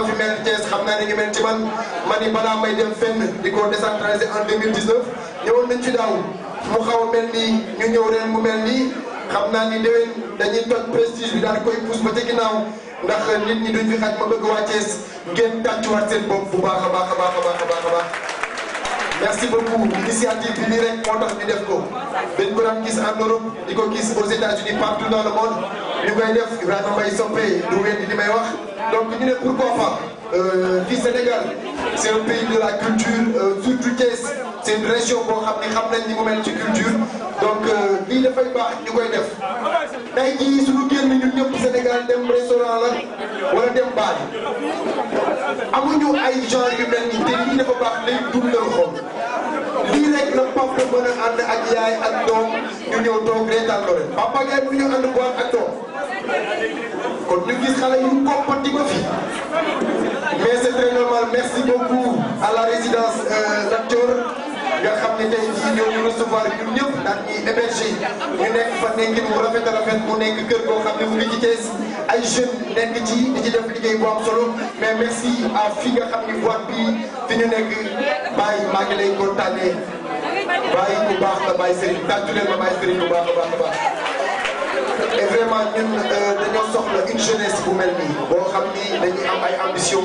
ma fi maire Thiès xam naa ne ñu mel ci ni balaa may dem fenn di ko décentraliser en 2019 ñëwoon nañ ci daaw mu xaw a mel nii ñu ñëw ren mu mel ni xam naa ni déwén dañuy toj prestige bi daal di koy pousse ba ci ginnaaw ndax nit ñi duñ fi xaj ma bëgg waa Thiès ngeen tàccuwaat seen bopp bu baax a baax a baax a baax a baax a baax merci beaucoup initiative bi nii rek moo tax ñu def ko dañ ko daan gis en Europe di ko gis aux États-Unis partout dans le monde koy def Ibrahima Mbaye Sopé du weddi li may wax donc ñu ne pourquoi pas fii euh, Sénégal c' est un la culture euh, surtout Thiès c' est une région boo xam ne xam nañ ni mu mel ci culture donc euh, lii dafay baax ñu koy def tey jii suñu génn ñun ñëpp Sénégal dem restaurant la wala dem baal amuñu ay genre yu mel nii te lii dafa baax day dundal xol lii rek la papa mën a ànd ak yaay ak doom ñu ñëw toog reetaan loole papa yaay bu ñu ànd boole ak doom. kon ñu gis ko yu kompati ko fi mais c'est très normal merci beaucoup à la résidence d'acteur nga xam ne tey jii ñoo ñu recevoir ñun ñëpp daal ñuy héberger ñu nekk fa nekkin mu rafet a rafet mu nekk kër goo xam ne mu ngi ci Thiès ay jeunes nekk ci di ci def liggéey bu solo mais merci a fi ga xam ni boîte bi fi ñu nekk Baye maa ngi lay kontaanee Baye bu baax la Baye Serigne tàccu leen ma Baye Serigne bu baax a baax a baax. et vraiment ñun euh, dañoo soxla une jeunesse bu mel nii boo xam ni dañuy am ay ambition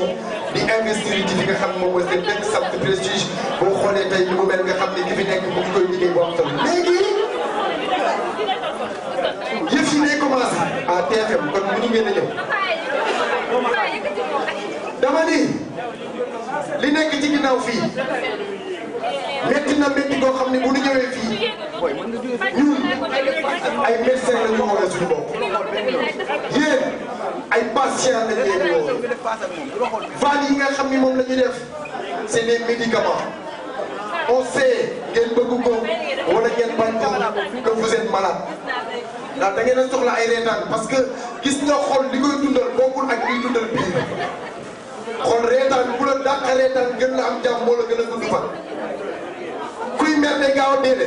di investir ci li nga xam moom mooy seen dëkk sant prestige boo xoolee tey mu mel nga xam ni ki fi nekk mu ngi koy liggéey bu am solo léegi yëf yi day commencé à TFM kon mënu ngeen a ñëw dama ni li nekk ci ginnaaw ne bu ñu ay médecins. patients a leen woo vagues yi nga xam ni moom la ñu def c'est des médicaments on sait ngeen bëgg ko wala ngeen bañ ko que vous êtes malade ndax da ngeen a soxla ay reetaan parce que gis nga xol li koy dundal bokkul ak liy dundal biir xol reetaan bu la dàq reetaan gën la am jàmm wala gën a gudd fan kuy mer day gaaw a dee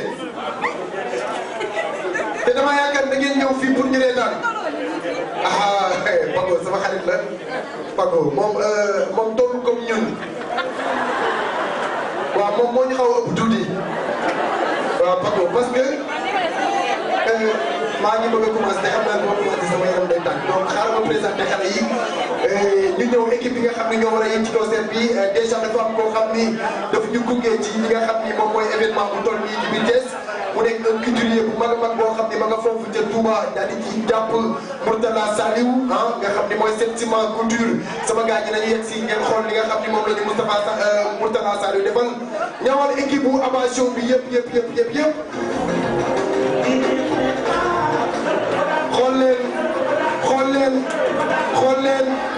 te dama yaakaar da ngeen ñëw fii pour ñu reetaan ah Pago sama xarit la Pago moom euh, moom toll comme ñun waaw moom moo ñu xaw a ëpp tuuti waaw Pago parce que euh, maa ngi bëgg a commencé te xam naa ne moom seen tànk donc xaaral ma yi euh, ñu ñëw équipe bi nga xam ne ñoo war a yëg ci concert bi euh, dèjà dafa xam ni daf ñu gunge ci li nga xam ni moom mooy événement bu toll nii ci biir nekk un couturier bu mag a xam ne ma nga foofu ca Touba daal di ci jàpp Mourtala Saliou ah, nga xam ni mooy sentiment couture sama gars ñi nañu yegg si ngeen xool li nga xam ni moom la ñu Moustapha euh, Mourtala ñaawal équipe bu Abba Show bi yëpp yëpp yëpp yëpp yëpp. woon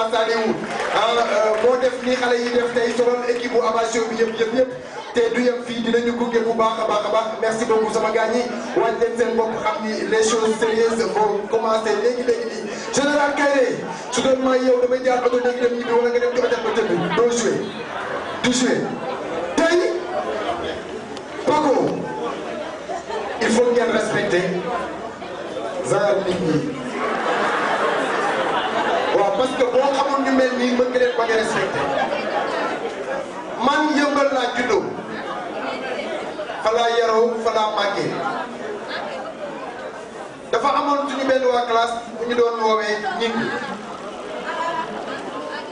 Moustapha Saliou moo def ni xale yi def tey soloon équipe bu Abasio bi yëpp yëpp yëpp te du yem fii dinañu gunge bu baax a baax a baax merci beaucoup sama gars ñi waaj leen seen bopp xam ni les choses sérieuses vont commencer léegi léegi nii général Kairé su doon maa yow damay jaar oto léegi dem ñibbi wala nga dem ci hôtel ba tëdd doo joué du joué tey il faut ngeen respecter genre nit ñi. parce que boo xamul ñu mel nii mën nga leen bañ a respecté man yëmbal laa juddoo fa laa yaroo fa laa màggee dafa amoon suñu benn waa classe bu ñu doon woowee nit ñi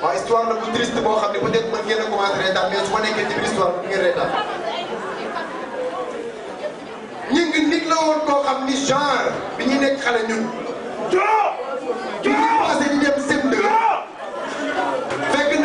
waaw histoire la bu triste boo xam ne peut-être mën ngeen a commencé reetaan mais su ma nekkee ci biir histoire bu ngeen reetaan ñu ngi nit la woon koo xam ni genre bi ñu nekk xale ñun. joo joo bi ñu passé ñu dem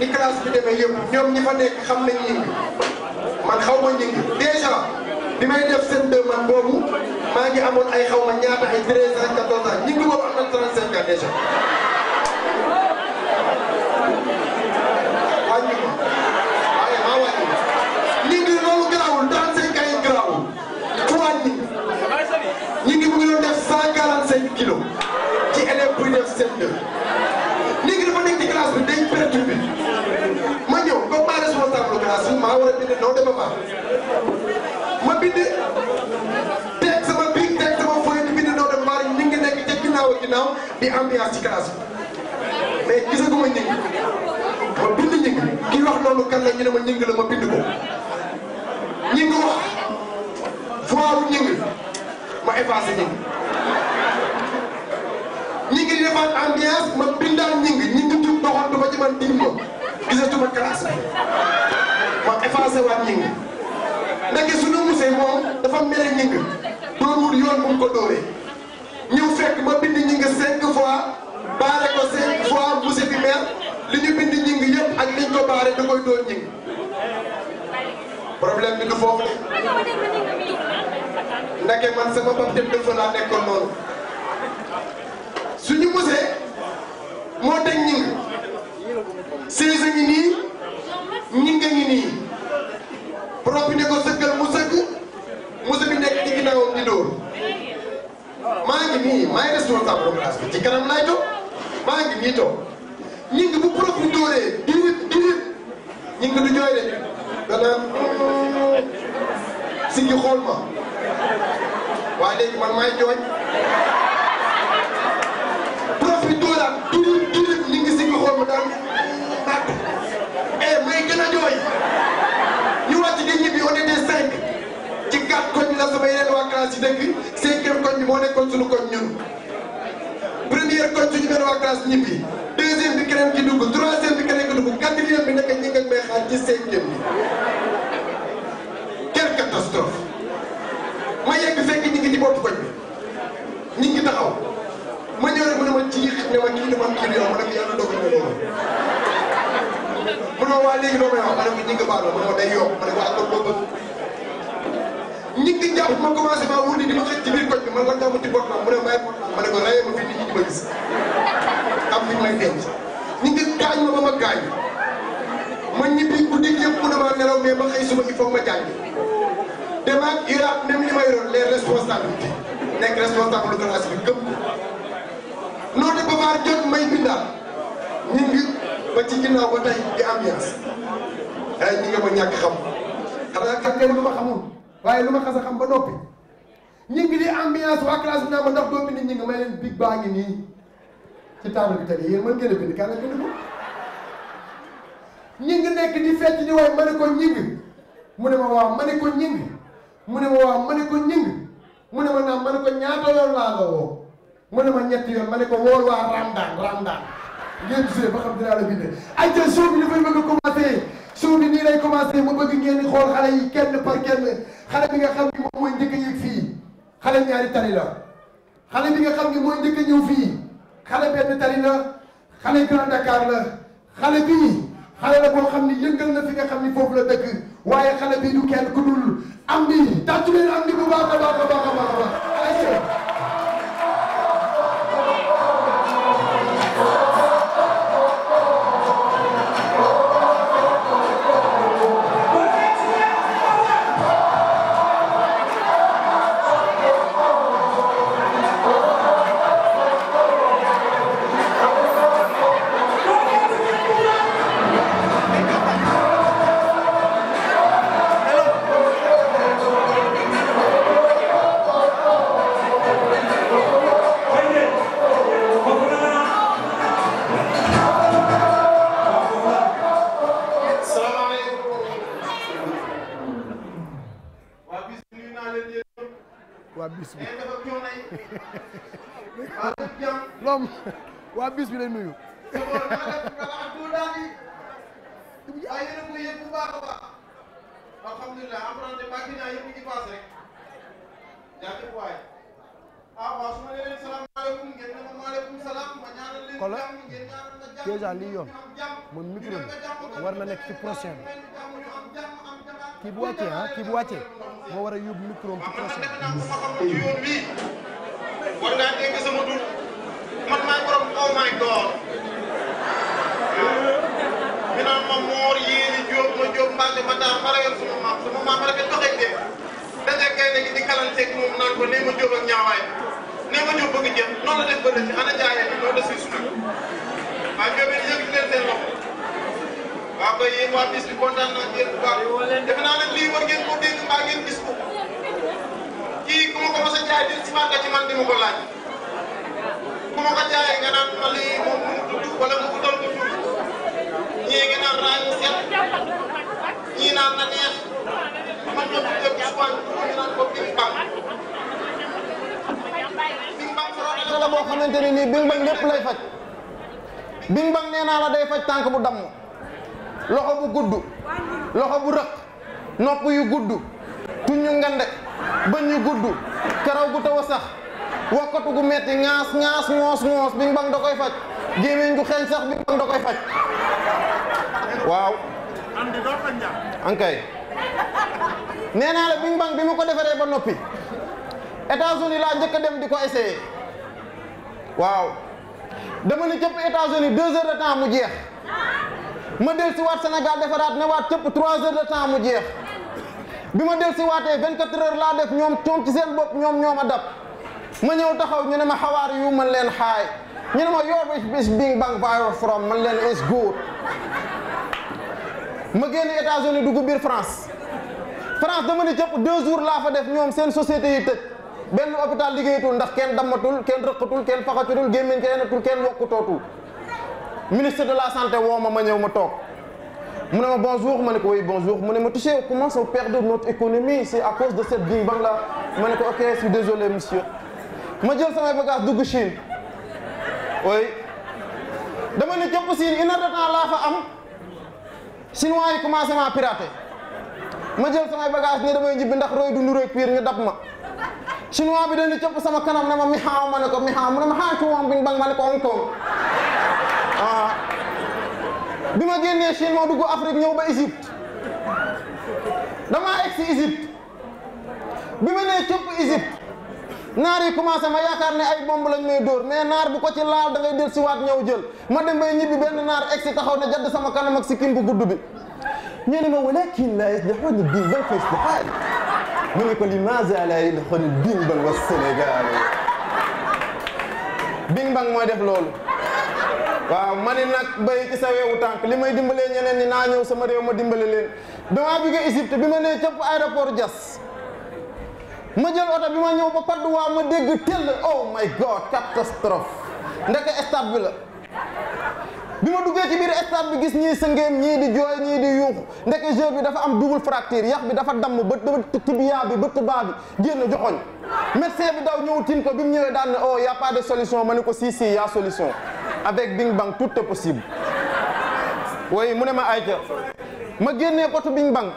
ni classe bi demee yëpp ñoom ñi fa nekk xam nañ ñi man xaw ma njëkk déjà bi may def seen deux man maa ngi amoon ay xaw ma ñaata ay treize ans quatorze ans ñi ngi boobu am na trente cinq ans déjà. wàññi ko waaye maa wàññi ñi ngi loolu garaawul trente cinq ans yi garaawul ci élève buy def seen ma ñëw comme maa responsable location maa war a bind non de papa ma bind teg sama biir teg sama fooy di bind non de maa ñu ngi nekk ca ginnaaw ak ginnaaw di ambiance ci classe bi mais gisaguma ñëng ma bind ñëng ki wax loolu kan la ñu ne ma ñëng la ma bind ko ñëng wax voix wu ñëng ma effacé ñëng. ñi ngi defaat ambiance ma bindaan ñi ngi ñi ngi jug doxantu ba ci man tiim ma gisatuma classe ma effacé waat ñi ngi ndeke dafa mere ñi ngi doon wut yoon bu mu ko dóoree ñëw fekk ma bind ñi ngi cinq baare ko cinq fois monsieur bi maire li ñu bind ñi ngi yëpp ak liñ ko baare da koy doon problème bi du foofu de ndeke man sama bopp dem dafa laa noonu suñu bësee moo teg ñing siis a ngi nii ñing a ngi nii borom bi ne ko sëggal mu sëgg musa bi nekk ci ginnaawam di dóor maa ngi nii maay responsable de classe bi ci kanam laay toog maa ngi nii toog ñing du jooy de danaan si ngi xool ma man maay jooy bi dóoraan du du ngi si ko xool ma daan eh, may gën a jooy ñu wàcc di ñibbi on était cinq ci quatre koñ la sama yeneen waa classe yi ci cinquième koñ bi moo nekkoon suñu koñ ñun. première koñ suñu benn waa classe ñibbi deuxième bi keneen ki dugg troisième bi keneen ki dugg quatrième bi nekk ñi nga may xaar ci cinquième bi quelle catastrophe ma yegg fekk ñi ngi ci koñ bi ñi taxaw. ma ñëw rek ma ne ma jiix ne ma kii ne ma kii bi ma ne ko yàlla dogal na loolu. munoo waa léegi doo may wax ma ne ko ñi nga baal ma ne ko day yokk ma ne ko ak kon boobu. ñi ngi jàpp ma commencé maa wuti di ma xëcc ci biir koñ bi ma ne ko jàpp ci boppam mu ne may ma ne ko rayee ma fi nit ñi di ma gis. am fi may denc ñi ngi gaañ ma ba ma gaañ ma ñibbi guddi yëpp mu ne maa nelaw mais ma xëy suba il faut ma jàngi. demaat Irak même li ma yoroon les responsabilités nekk responsable de la gëm ko. noonu ba maa jot may bindaal ñu ngi ci ginnaaw ba tey di ambiance ay ñi ma ñàkk xam xanaa xam ngeen lu waaye lu ma xas xam ba noppi ñu ngi di ambiance waa classe bi naa ma ndax doo bind ñi nga may leen big ngi nii ci table bi tey yéen mën ngeen a bind kaa nga bind ko ñi nekk di fecc di way ma ko ñing mu ne ma waaw ma ko ñing mu ne ma waaw ma ko mu ne ma ma ne ko ñaata yoon laa la mu ne ma ñetti yoon ma ne ko wool waa Ramadaan Ramadaan ngeen gisee ba xam dinaa la bindee ay ca show bi dafay bëgg a commencé show nii lay commencé ma bëgg ngeen di xool xale yi kenn par kenn xale bi nga xam ni moom mooy njëkk a fii xale ñaari tali la xale bi nga xam ni mooy njëkk ñëw fii xale benn tali la xale Grand Dakar la xale bii xale la boo xam ni yëngal na fi nga xam ni foofu la dëkk waaye xale bii du kenn ku dul am bi tàccu leen am bi bu baax a baax a baax a baax pourtant lii yoon moom micro bi war na nekk ci prochain bi kii bu wàccee ah kii bu wàccee moo war a yóbbu micro am ci prochain bi. yoon bii war naa dégg sama tur man maay borom oh my god ñu naan ma moor yéene jóob ma jóob mbàgg ma daal ma ragal sama maam sama maam rek doxee dee dajee kay nag di kalanteeg moom naan ko nee ma jóob ak ñaawaay nee ma jóob bëgg jëm noonu la def ba dëkk ana jaayee bi loolu la siy waaye ñoom it yëkkati leen seen loxo waaw kay yéen waa bis bi kontaan naa ngeen bu baax defe naa nag lii war ko ma ko jaay di si màgg ci man di ma ko laaj ku ma nga naan ma lii moom mu tudd wala mu utal ko tudd ñii nga naan raay mu set ñii na neex man ñoom ñu jëm si wàññi ko ñu ko biir baax. biir baax la boo xamante ne nii biir baax lépp lay faj. bing bang nee naa la day faj tànk bu damm loxo bu gudd loxo bu rëq nopp yu gudd tuñ yu ngande bëñ yu gudd karaw gu taw a sax wakkatu gu metti ŋaas ŋaas ŋoos ŋoos bing da koy faj gémmiñ gu xeeñ sax bing bang da koy faj waaw ankay nee naa la bing bi mu ko defaree ba noppi États-Unis laa njëkk dem di ko essayé waaw dama ne cëpp États-Unis deux heures de temps mu jeex ma del si waat Sénégal defaraat ne waat cëpp trois heures de temps mu jeex bi ma del si waatee vingt quatre heures laa def ñoom coom ci seen bopp ñoom ñoom a dab ma ñëw taxaw ñu ne ma how are you man leen xaay ñu ne ma your which is being bang from man leen is good ma génn États-Unis dugg biir France France dama ne cëpp deux jours laa fa def ñoom seen société yi tëj benn hôpital liggéeyatul ndax kenn dammatul kenn rëqatul kenn faxatul gémmiñ keenatul kenn wokkutootul ministre de la santé woo ma ma ñëw ma toog mu ne ma bonjour ma ne ko oui bonjour mu ne ma touché commence à perdre notre économie c'est à cause de cette digne banque là ma ne ko ok je désolé monsieur ma jël samay bagage dugg Chine oui dama ne jëpp laa fa am chinois yi commencé maa piraté ma jël samay bagage ne damay ñibbi ndax roy du nuroog piir ñu dab ma chinois bi dañu cëpp sama kanam ne ma mi xaaw ma ne ko mi xaaw mu ne ma xaa ci woon ma ah. bi ma génnee Chine ma dugg Afrique ñëw ba Égypte damaa egg bi ma nee cëpp Égypte naar yi commencé ma yaakaar ne ay bomb lañ may dóor mais naar bu ko ci laal da ngay del waat ñëw jël ma dem bay ñibbi benn naar egg si taxaw ne jadd sama kanam ak si kim bu gudd bi نعم ولكن لا يصلحون الدين بل فيصلحان من يقول لماذا لا يدخل الدين بل والسنغال bing bang mooy def loolu waaw ma ne nag bay ci sa weewu tànk li may dimbalee ñeneen ñi naa ñëw sama réew ma dimbale leen damaa jóge Égypte bi ma nee cëpp aéroport Diass ma jël oto bi ma ñëw ba Padoua ma dégg tell oh my god catastrophe ndeke stade la bi ma duggee ci biir stade bi gis ñii sëngéem ñii di jooy ñii di yuuxu ndeke jeu bi dafa am double fracture yax bi dafa damm ba tibia bi ba tubaa bi génn joxoñ médecin bi daw ñëw tin ko bi mu ñëwee daan ni oh y a pas de solution ma ne ko si si y a solution avec Bing Bang tout est possible way mu ne ma ayca ma génnee potu Bing Bang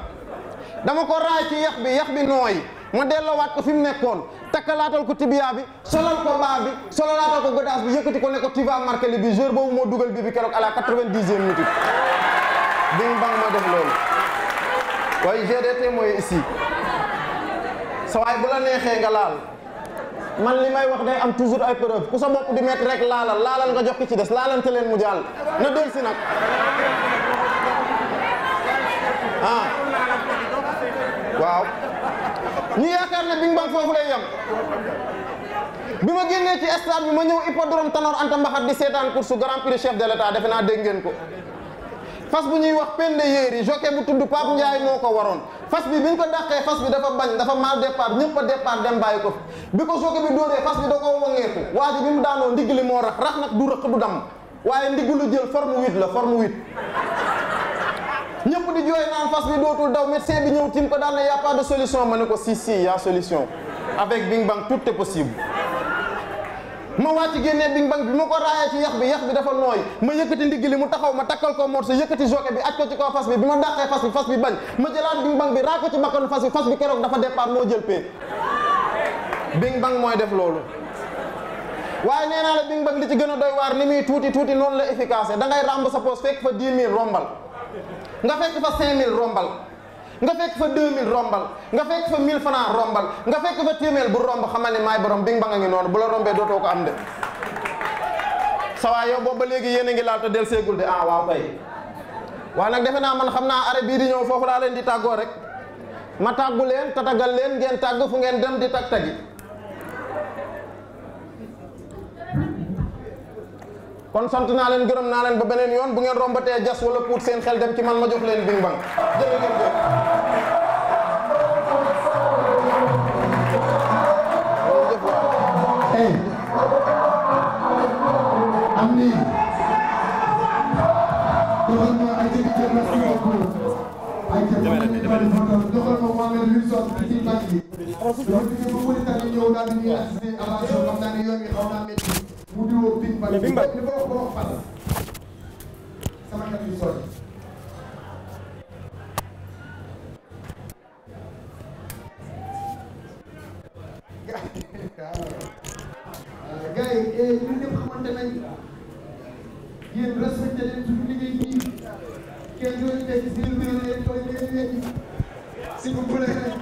dama ko raay ci yax bi yax bi nooy ma delloowaat ko fi mu nekkoon takkalaatal ko tibiyaa bi solal ko baa bi solalaatal ko godaas bi yëkkati ko ne ko tu vas marquer boobu moo dugal bi bi keroog à la quatre-vingt-dixième minute bing bang moo def loolu waaye j'ai des témoins ici sa waay bu la neexee nga laal man li may wax day am toujours ay ku sa bopp di mettre rek laalal laalal nga jox ki ci des laalante leen mu jàll na del si nag ah. waaw ñu yaakaar ne Big Bang foofu lay yam bi ma génnee ci stade bi ma ñëw hippodrome Tanor Anta Mbaxat di seetaan course grand prix chef de defe naa dégg ngeen ko fas bu ñuy wax pende yéeri jockey bu tudd Pape Ndiaye moo ko waroon fas bi biñ ko dàqee fas bi dafa bañ dafa mal départ ñëpp a départ dem bàyyi ko fi bi ko jockey bi dóoree fas bi da koo wongeeku waa ji bi mu daanoo ndigg li moo rax rax nag du rëq du damm waaye ndigg lu jël forme huit la forme w ñëpp di jooy naan fas bi dootul daw médecin bi ñëw tim ko daan na y a pas de solution ma ne ko si si y a solution avec Big Bang possible ma wàcc génnee Big Bang bi ma ko raayee ci yax bi yax bi dafa nooy ma yëkkati ndigg li mu taxaw ma takkal ko morceau yëkkati joke bi aj ko ci kaw fas bi bi ma dàqee fas bi fas bi bañ ma jëlaat Big bi raa ko ci bakkanu fas bi fas bi keroog dafa départ moo jël pee mooy def loolu waaye nee naa l Big Bang gën a doy waar tuuti tuuti noonu la efficace da ngay ràmb sa poos fekk fa 10 000 rombal nga fekk fa 5000 rombal nga fekk fa 2000 rombal nga fekk fa 1000 francs rombal nga fekk fa téeméer bu romb xamal ne maay borom bi nga ba ngi noonu bu la rombee dootoo ko am de. sawaay yow boobu ba léegi yéen a ngi laal te del seegul de ah waaw kay waaye nag defe naa man xam naa arrêt bii di ñëw foofu laa leen di tàggoo rek ma tàggu leen tatagal leen ngeen tàgg fu ngeen dem di tag tagi kon sant naa leen gërëm naa leen ba beneen yoon bu ngeen rombatee jas wala puut seen xel dem ci man ma jox leen bing bang jërë ngeen jëf Amni. Doxal ma ay député merci beaucoup. ay député doxal ma waa ngeen luy sonn ci biir bànq bi. loolu léegi bu wërëkk a mu bi woo Big Bang. mais Big Bang li ma wax ba wax Fass sama xel yu sori. gars yi ñun ñëpp xamante nañ yéen respecté leen suñu liggéey bii kenn doon nekk si lu mel ne tool yi s'il vous plaît.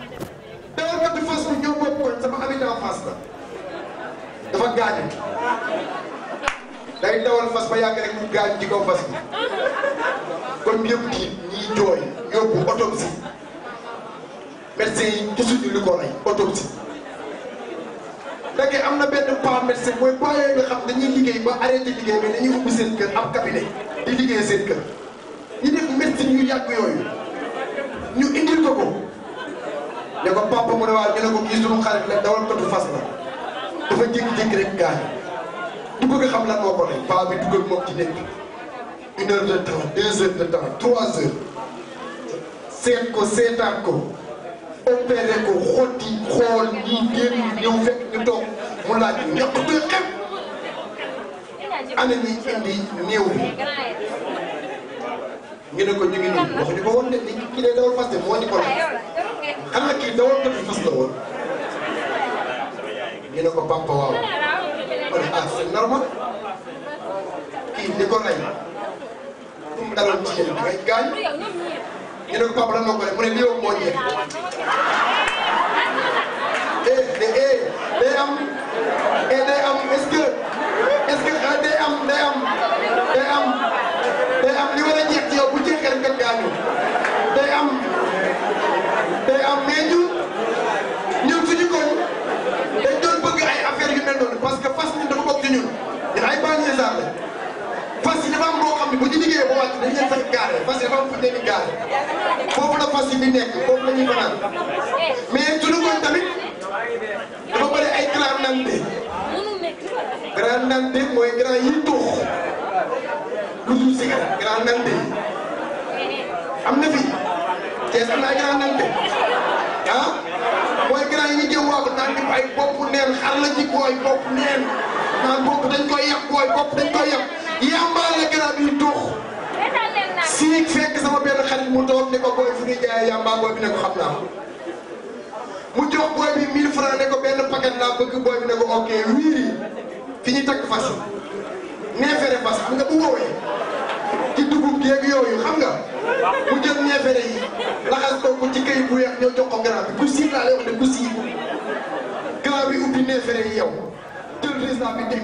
dawal kat Fass ñoom bopp sama habitant dafa gaañu day dawal fas ba yàgg rek mu gaañ ci fas bi kon ñëpp tiit ñiy jooy yóbbu autopsie médecin yi gisuñu li ko rey autopsie am na benn pas médecin mooy pas yooyu nga xam dañuy liggéey ba arrêté liggéey mais dañuy ubbi seen kër am cabinet di liggéey seen kër ñi def médecine yu yàgg yooyu ñu indil ko ko ne ko papa mu ne waaw ñu ne ko kii suñu xarit la dawal ko fas la dafa jékki-jékki rek gaañ du bëgg xam lan moo ko rey paa bi dugg ak moom ci nekk une heure deux heures de temps heures seet ko seetaat ko opéré ko xotti xool ñii génn ñëw fekk ñu toog mu laaj ñaq bi xepp ana ñuy indi néew bi ñu ne ko ñu ngi nii wax ñu ko woon ne ni kii dawal fas de moo ñu ko laaj xam nga kii dawal ko fas la woon ñu ne ko papa waaw ma ne ah c'est normal kii ni ko rey pour mu daloon ci yéen ngay gaañ ñu ne ko papa lan moo ko rey mu ne lii moo ñëw eh eh day am eh day am est-ce que est-ce que ah, day am day am day am day am li war a jeex ci yow bu jeexee rek nga gaañu day am day am mais ñun. fas ñun dafa bokk ci ñun ñun ay banlieusards la fas yi dafa am boo xam ne bu ñu liggéeyee ba wàcc dañ leen fay gaare fas yi dafa am fu ñu leen di gaare foofu la fas yi di nekk foofu la ñuy fanaan mais suñu koñ tamit dafa bëri ay grand nante grand nante mooy grand yi tuux lu dul cigarette grand nante am na fi Thiès am na ay grand nante ah booy grand yi ñu jëm waaw naan ñu ay bopp neen xar la dañ koy yàq booy bopp dañ koy yàq yàmbaar la grand bi tux mu toog ne ko naa mu jox ko benn booy bi ne ko ok wiiri fi ñu takk fas neefere xam nga bu woowee ci dugub géeg yooyu xam nga mu jël neefere yi laxas ko ci këyit bu weex ñëw jox ko grand bi bu siir laa lay wax ne bu siir grand bi ubbi neefere yi yow jël résident bi teg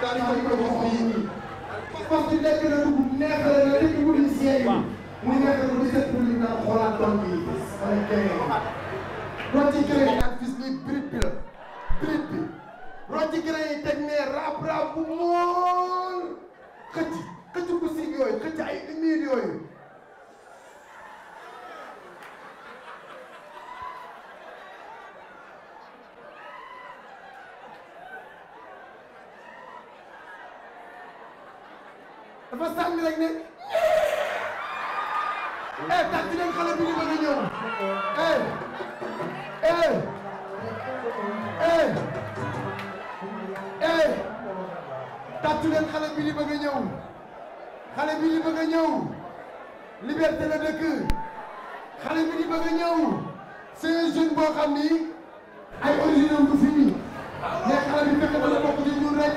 daal di koy ko wax nii parce que nekk na neefere la lépp wuti siège yi mu nekk lu set bu li naan xoolaat doon bi wala kee loo ci gën a naan fis bi birit yi teg ne raab raab bu mool xëcc xëcc bu siig yooyu xëcc ay humide yooyu dafa sànni rek ne. eh tàcc xale bi ñu bëgg a ñëw. eh. eh. eh. eh. xale bi ñu bëgg a ñëw. xale bi ñu bëgg a ñëw. liberté la dëkk. xale bi ñu bëgg a ñëw. c'est un boo xam ni. ay origine am du fi. mais xale bi fekk na la bokk ci ñun rek.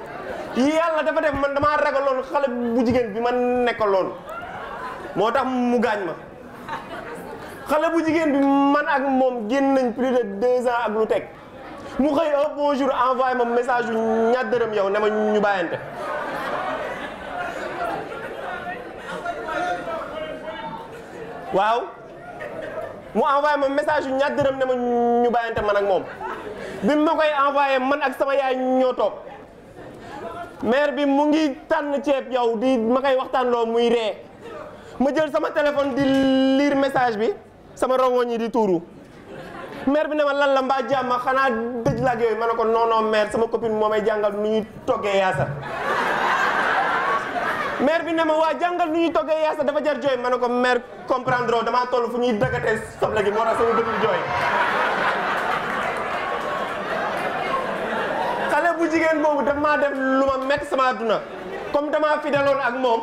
yàlla dafa def man damaa ragaloon xale bu jigéen bi ma nekkaloon moo tax mu gaañ ma xale bu jigéen bi man ak moom génn nañ plus de deux ans ak lu teg mu xëy un oh, bonjour envoyé ma message yu ñaar dërëm yow ne ma ñu bàyyante waaw mu envoyé ma message yu ñaar dërëm ne ma ñu bàyyante man ak moom bi ma koy envoyé man ak sama yaay ñoo toog maire bi mu ngi tànn ceeb yow di ma koy waxtaanloo muy ree ma jël sama téléphone di liir message bi sama rongoñ yi di tuuru maire bi ne ma lan la mbaa jàmm xanaa dëj la ak yooyu ma ne ko non maire sama copine moo may jàngal nu ñuy toggee yaasa. maire bi ne ma waa jàngal nu ñuy toggee yaasa dafa jar jooy ma ne ko maire comprendre dama damaa toll fu ñuy dagatee soble gi moo tax sama bët jooy. bu jigéen boobu daf maa def lu ma métti sama adduna comme damaa fidaloon ak moom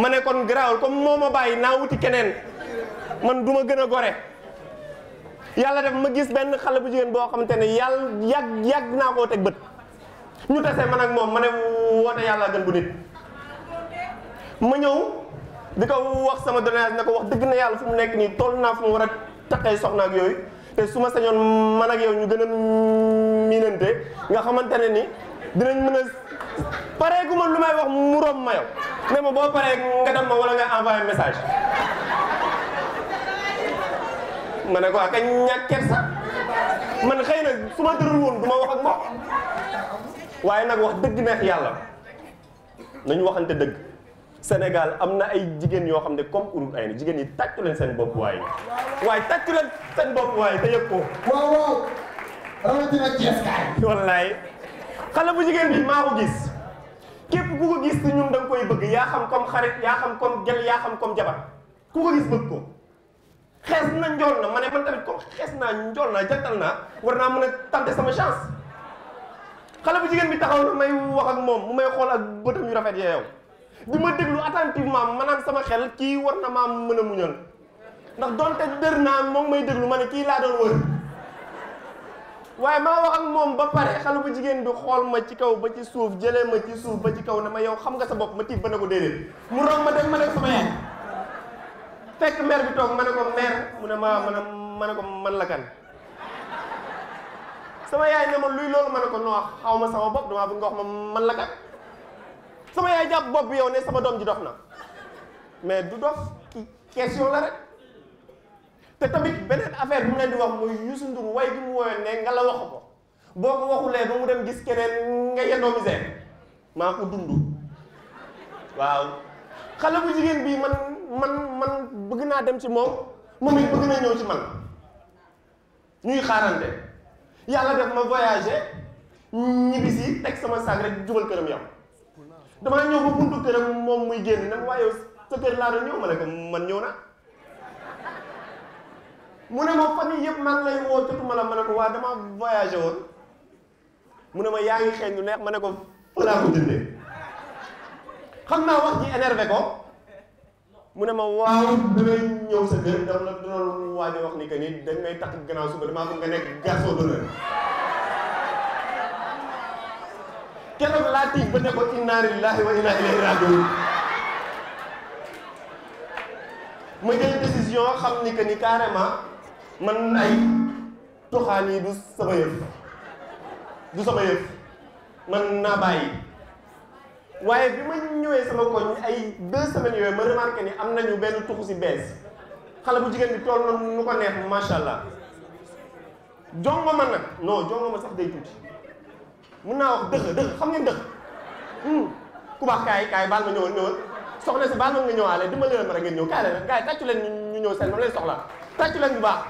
ma ne kon garaawul comme moo ma bàyyi naa wuti keneen man du ma gën a gore yàlla def ma gis benn xale bu jigéen boo xamante ne yàlla yàgg yàgg naa koo teg bët ñu tase man ak moom ma ne woote yàlla dem bu nit ma ñëw di ko wax sama doléance na ko wax dëgg na yàlla fu mu nekk nii toll naa fu mu war a taqee soxna ak yooyu te su ma sañoon man ak yow ñu gën a miinante nga xamante ne ni dinañ mën a paree gu ma lu may wax mu romb ma yow ne ma boo paree nga dem ma wala nga envoyé message. ma ne ko ak ah, a ñàkk man xëy na su ma dërul woon ma wax ak moom waaye nag wax dëgg neex yàlla nañu waxante dëgg. Sénégal am na ay jigéen yoo xam ne comme urub ay ni jigéen yi tàccu leen seen bopp waaye waaye tàccu leen seen bopp waaye te yëg ko waaw waaw rawatina Ceeskaay wallaay xale bu jigéen bi maa ko gis képp ku ko gis ci ñun da koy bëgg yaa xam comme xarit yaa xam comme gel yaa xam comme jabar ku ko gis bëgg ko xees na njool na ma ne man tamit comme xees naa njool naa jantal naa war naa mën a tenter sama chance xale bu jigéen bi taxaw na may wax ak moom mu may xool bi ma déglu attentivement maanaam sama xel kii war na maa mën a muñal ndax donte dër naa moom may déglu man ne kii laa doon wër waaye maa wax ak moom ba pare xale bu jigéen bi xool ma ci kaw ba ci suuf jële ma ci suuf ba ci kaw ne ma yow xam nga sa bopp ma tiit ba ne ko déedéet mu roog ma dem ma nekk sama yaay fekk mère bi toog ma ne ko mère mu ne ma man ma ne ko man la kan sama yaay ne ma luy loolu ma ne ko noo xaw ma sama bopp damaa bëgg nga ma la sama yaay jàpp bopp yow ne sama doom ji dox na mais du dox ki question la rek te tamit beneen affaire bi mu leen di wax mooy Youssou Ndour way gi mu woyoon ne nga la wax ko boo ko waxulee ba mu dem gis keneen nga yendoo misère maa ko dund waaw xale jigéen bii man man man bëgg naa dem ci moom moom it bëgg na ñëw ci man ñuy xaarante yàlla def ma voyager ñibbisi teg sama saag rek jubal këram yam dama ñëw ba buntu këram moom muy génn nag waaye sa laa doon ñëw ma ne ko man ñëw naa mu ne ma fan yii yëpp man lay woo jotuma la ma ne ko waa damaa voyagé woon mu ne ma yaa ngi xeeñ lu neex ma ne ko fa laa ko jëndee xam naa wax ji ko mu ne ma waaw damay ñëw sa kër dama la doon waaj a wax ni que ni dañ may takk gannaaw suba damaa ko nga nekk garçon d'honneur keroog laa tiit ba ne ko inna lillahi wa inna ilayhi rajiun ma jël décision xam ni que ni carrément man ay tuxaan yi du sama yëf du sama yëf man naa bàyyi waaye bi ma ñëwee sama koñ ay deux semaines yooyu ma remarqué ni am nañu benn tuxu si bees xale bu jigéen bi tool na nu ko neex macha allah jongo ma nag non jongo ma sax day tuuti mën naa wax dëx dëx xam ngeen dëx hmm. ku baax kaay kaay baal ma ñëwal ñëwal soxna si baal ma nga ñëwaale dimbali ma rek ngeen ñëw kaay leen kaay tàccu leen ñu ñëw seen moom leen soxla tàccu leen bu baax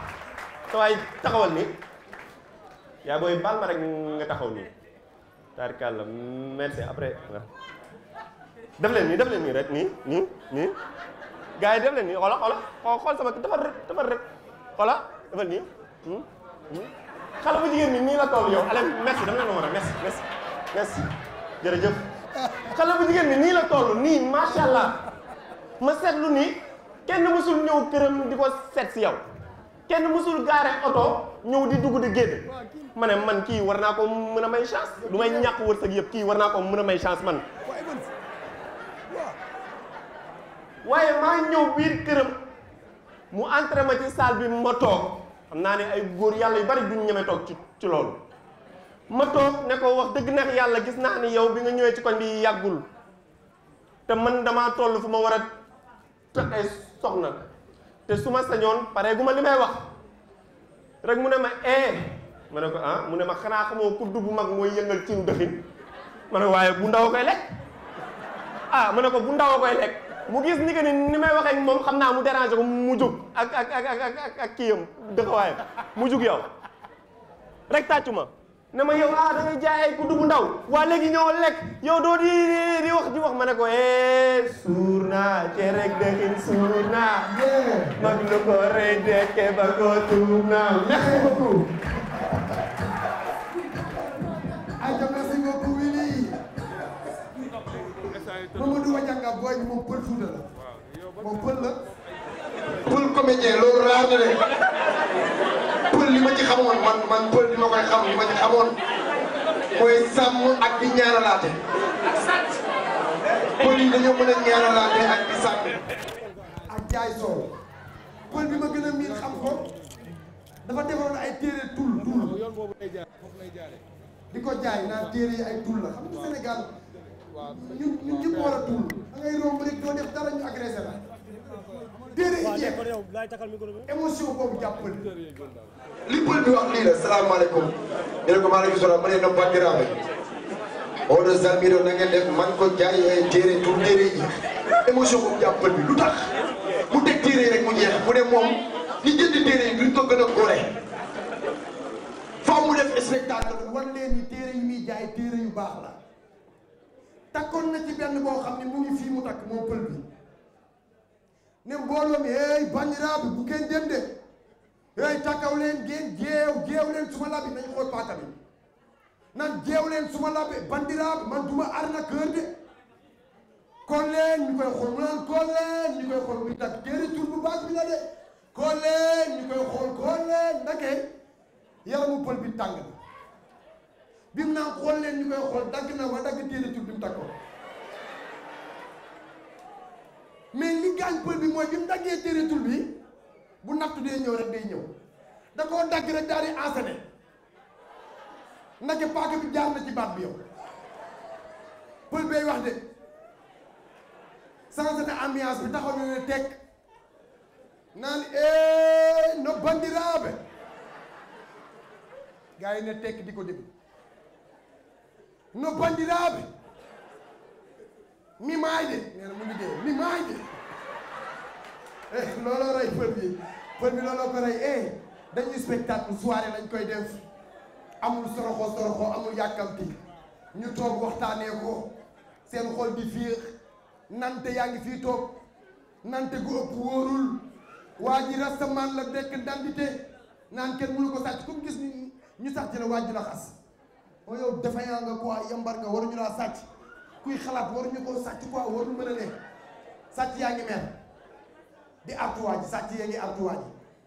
sa taxawal ni yaa booy baal ma rek nga taxaw nii taarikàlla merci après def leen nii def leen nii rek nii nii nii gars yi def leen nii xoola xoola xool sama dafa rek dafa rek xoola xale bu jigéen bi nii la toll yow allez merci dama la ñu war a merci merci merci jërëjëf. xale bu nii la toll nii macha allah ni kenn mësul ñëw këram di ko seet si yow kenn mësul gaare oto ñëw di dugg di génn ma man kii war naa ko mën a may chance lu may ñàkk wërsëg yëpp kii war naa ko mën a may chance man. waaye maa ñëw biir këram mu entraîné ma ci salle bi ma toog. xam naa ne ay góor yàlla yu bari duñ ñeme toog ci ci loolu ma toog ne ko wax dëgg neex yàlla gis naa ni yow bi nga ñëwee ci koñ bi yàggul te man damaa toll fu ma war a tëdd ay soxna te su ma sañoon pare gu ma li may wax rek mu ne ma ee eh. ma ne ko ah mu ne ma xanaa xamoo kudd bu mag mooy yëngal ci nu dëxin ma ne waaye bu ndaw a koy lekk ah ma ne ko bu ndaw a koy lekk mu gis ni que ni ni may waxee moom xam naa mu dérangé ko mu jug ak ak ak ak ak kii yam dëxawaayam mu jug yow rek tàccu ma na ma yow ah da ngay jaay ay bu ndaw waa léegi ñëw lekk yow doo di di wax di wax ma ne ko eh suur naa cere dëkkin suur naa mag lu ko rey naa merci beaucoup Mamadou Wadianga booy bi moom pël Fuuta la moom pël la. pël comédien loolu raar na de pël li ma ci xamoon man man pël li ma koy xam li ma ci xamoon mooy sàmm ak di ñaanalaate. pël yi dañoo mën a ñaanalaate ak di sàmm ak jaay soow pël bi ma gën a miin xam ko dafa defaroon ay téere tul tul di ko jaay naan téere ay tul la xam nga Sénégal. ñu ñu ñëpp war a tuul da ngay romb rek doo def dara ñu agressé la déedéet jéem émotion boobu jàppal li pël bi wax lii la salaamaaleykum ñu ko ma ne nopp ak diraabe Odo Zamiro na ngeen def man ko jaay eh, téere tur téere yi émotion boobu jàppal bi lu tax mu teg téere yi rek mu jeex mu ne moom ñi jënd téere yi duñ ko gën a góore faaw mu def spectacle wan leen ni téere yi muy jaay téere yu baax la takkoon na ci benn boo xam ne mu ngi fii mu takk moom pël bi ne mbooloo mi hey bandiraab bu kenn dem de hey takkaw leen ngeen jeew jeew leen suma labbi nañu xool paaka bi jeew leen suma labbe bandiraab man duma arnaqueur de kool leen ñu koy xool mu naan kool leen ñu koy xool kool leen ñu koy xool pël bi tàng bi mu naan xool leen ñu koy xool dagg na ba dagg téere tur bi mu takkoon mais li gaañ pël bi mooy bi mu daggee téere bi bu nattu dee ñëw day ñëw da koo dagg rek daal di enchaîner ndake paaka bi jaar na ci baat bi yow pël bay wax de sans cette bi taxaw ñu ne tekk naan eh no bandiraaɓe gars yi ne tekk di ko déglu no banndiraaɓe mimaayde nena mo liggey mimaayde e eh, loolo ray ponmi ponmi loolo ko ray e eh, dañuy spectacle soirée lañ koy def amul soroxo soroxo amul yàkkamti ñu toog waxtaanee ko seen xol bi fiix nante yaa fii toog nante gu ëpp wóorul waa ji rastaman la dekk ndandite naan kenn mënu ko sàcc comme gis ñu sàcc la waa ji la xas mooy yow défaillant nga quoi yambar nga waruñu laa sàcc kuy xalaat waruñu koo sàcc quoi waruñu mën a ne sàcc yaa ngi mer di artu waa ji sàcc yaa ngi artu waa ji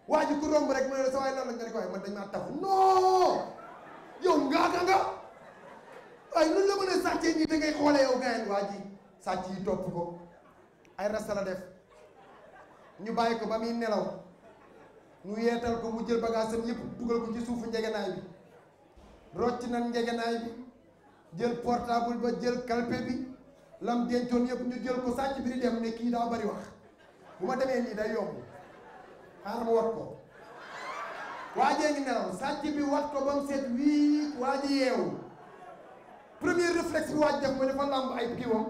waa ji ma ne la sa waay yow ngaaka nga waaye luñ la mën a sàccee waa ji sàcc yi topp ko ay rasta def ñu bàyyi ko ba muy nelaw ñu yeetal ko mu jël bagaasam yëpp dugal ko ci suufu njegenaay bi rocc nan njegenaay bi jël portable ba jël kalpe bi lam dencoon yëpp ñu jël ko sàcc bi di dem ne kii daa bari wax bu ma demee nii day yomb xaaral ma wat ko waajee ngi nelaw sàcc bi wat ko ba mu seet wii waaji yeewu premier réflexe bi waaj def mooy dafa làmb ay kiiwam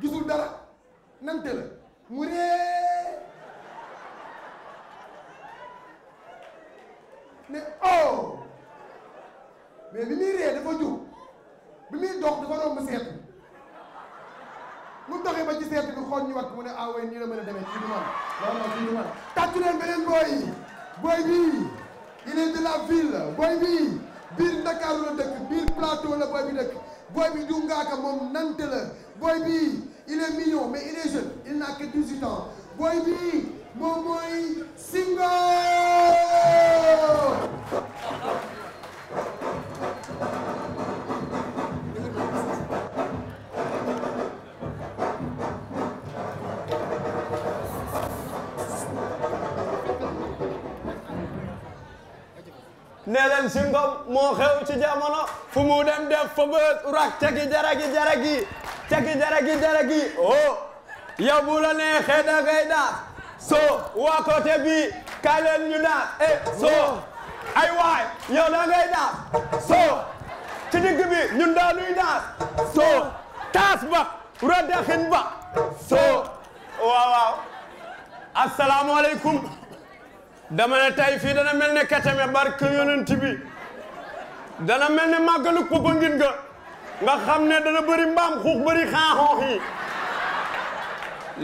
gisul dara nante la mu ree mais bi muy ree dafa jug bi muy dox dafa romb seetu mu doxee ba ci seetu bi xool ñu wat mu ne ah nii la mën a demee ci du man loolu la ci du man tàccu leen beneen booy booy bii il est de la ville booy bii biir Ndakaaru la dëkk biir plateau la booy bi dëkk booy bi du ngaaka moom nante la booy bii il est mignon mais il il n'a que 18 ans bii moom mooy nee leen moo xew ci jamono fu mu dem def fa bës urak cagi jaragi jaragi cagi jaragi jaragi oh yow bu neexee da ngay daas so waa côté bi kaay leen ñu daas eh ay waay yow da ngay daas so ci digg bi ñun daanuy daas so taas ba ura daxin ba so waaw waaw asalaamaaleykum dama ne tey fii dana mel ne Keteme barke yonent bi dana mel ne màggalu Popenguine nga nga xam ne dana bari mbaam xuux bari xaaxoox yi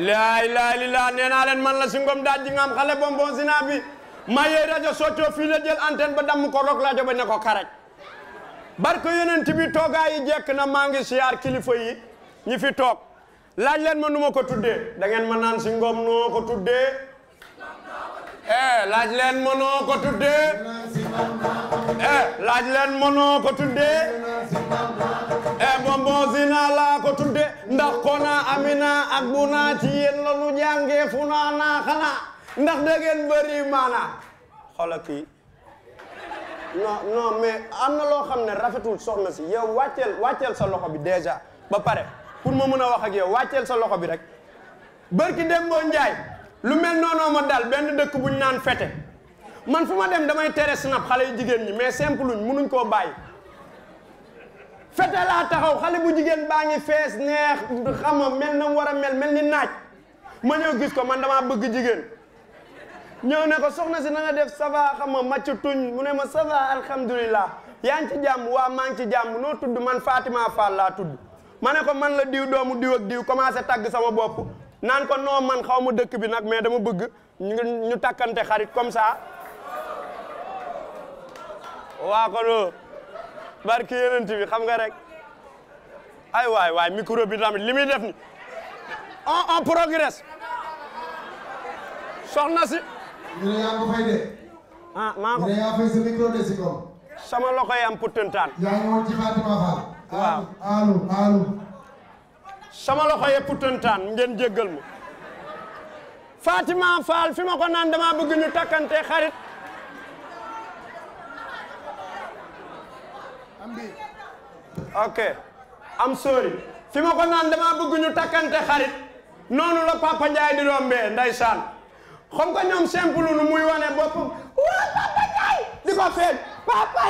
laay laay li laa nee naa leen man la si ngom daaj ji nga xale bonbon sina bi maa rajo Soto fii la jël antenne ba damm ko rok rajo ba ne ko karaj barke yonent bi toogaa yi jekk na maa ngi siyaar kilifa yi ñi fi toog laaj leen ma numa ko tuddee da ngeen ma naan si ngom ko tuddee eh laaj leen mënoo ko tuddee eh laaj leen mënoo ko tuddee eh bonbon zina laa ko tuddee ndax kona amina ak buna ci yéen la nu jàngee fu naa naa xanaa ndax bëri maana xoolal kii non non mais am na loo xam ne rafetul soxna si yow wàcceel wàcceel sa loxo bi déjà ba pare pour ma mën a wax ak yow wàcceel sa loxo bi rek barki dem boo njaay lu mel noonu ma dal benn dëkk bu ñu naan fete man fu ma dem damay tere snap xale yu jigéen ñi mais simple luñ munuñ koo bàyyi fete laa taxaw xale bu jigéen baa ngi fees neex xam nga mel na war a mel mel ni naaj ma ñëw gis ko man damaa bëgg jigéen ñëw ne ko soxna si na def ça va xam nga màcc tuñ mu ne ma ça va alhamdulilah yaa ngi ci jàmm waa maa ngi ci jàmm noo tudd man Fatima Fall laa tudd ma ne ko man la diw doomu diw ak diw commencé tagg sama bopp naan ko noo man xaw ma dëkk bi nag mais dama bëgg ñu takkante xarit comme ça waa kon barki yenent bi xam nga rek ay waay waay micro bi tamit li muy def ni on on progresse soxna si ñu ah, si kaw sama loxo yam pour tëntaan yaa ngi woon ci Fatima Fall waaw sama loxo yëpp tëntaan ngeen jéggal ma Fatima Fall fi ma ko naan dama bëgg ñu takkante xarit ok am sorry fi ma ko naan dama bëgg ñu takkante xarit noonu la Papa di rombee ndeysaan xam nga ñoom simple nu muy wane boppam waa Papa di ko feeñ Papa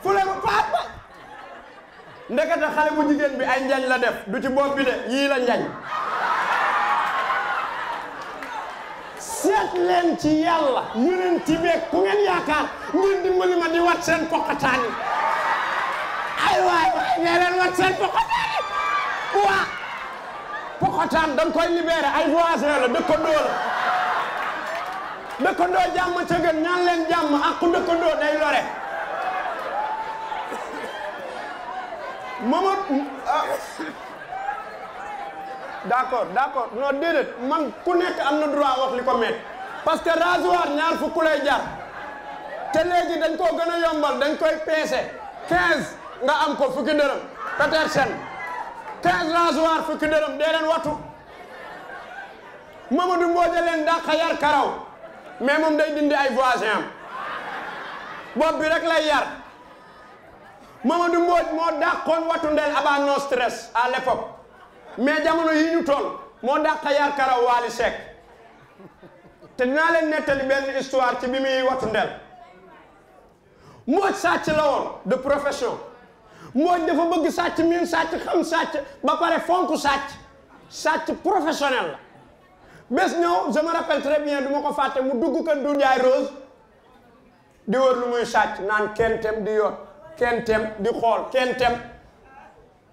fu la Papa ndekete xale bu jigéen bi ay njañ la def du ci bopp bi de yii la njañ leen ci yàlla yonent bi ku ngeen yaakaar ngeen dimbali ma di wat seen poqataan ay waay waay nee leen wat seen poqataan waa poqataan dañ koy libéré ay voisin la dëkkandoo la dëkkandoo jàmm ca gën ñaan leen jàmm ak ku dëkkandoo day lore Mamadou ah d'accord d'accord non déedéet man ku nekk am na droit wax li ko met parce que rasoir ñaar fukk lay jar te léegi dañ koo gën a yombal dañ peese 15 nga am ko fukki dërëm Petersen 15 rasoir fukki dërëm dee leen wattu Mamadou Mbodja leen dàq yar karaw mais moom day dindi ay voisin am bopp bi rek lay yar. Mamadou Mbodj moo dàqoon watu ndel noo no stress à l'époque mais jamono yi ñu toll moo dàq yar karaw Waly Seck te dinaa leen nettali benn histoire ci bi muy watu ndel Mbodj sàcc la woon de profession Mbodj dafa bëgg sàcc miin sàcc xam sàcc ba pare fonk sàcc sàcc professionnel la bés ñëw je me rappelle très bien du ma ko fàtte mu dugg ko Doudou Ndiaye Rose di wër lu muy sàcc naan kenn di yoot kenn tem di xool kenn tem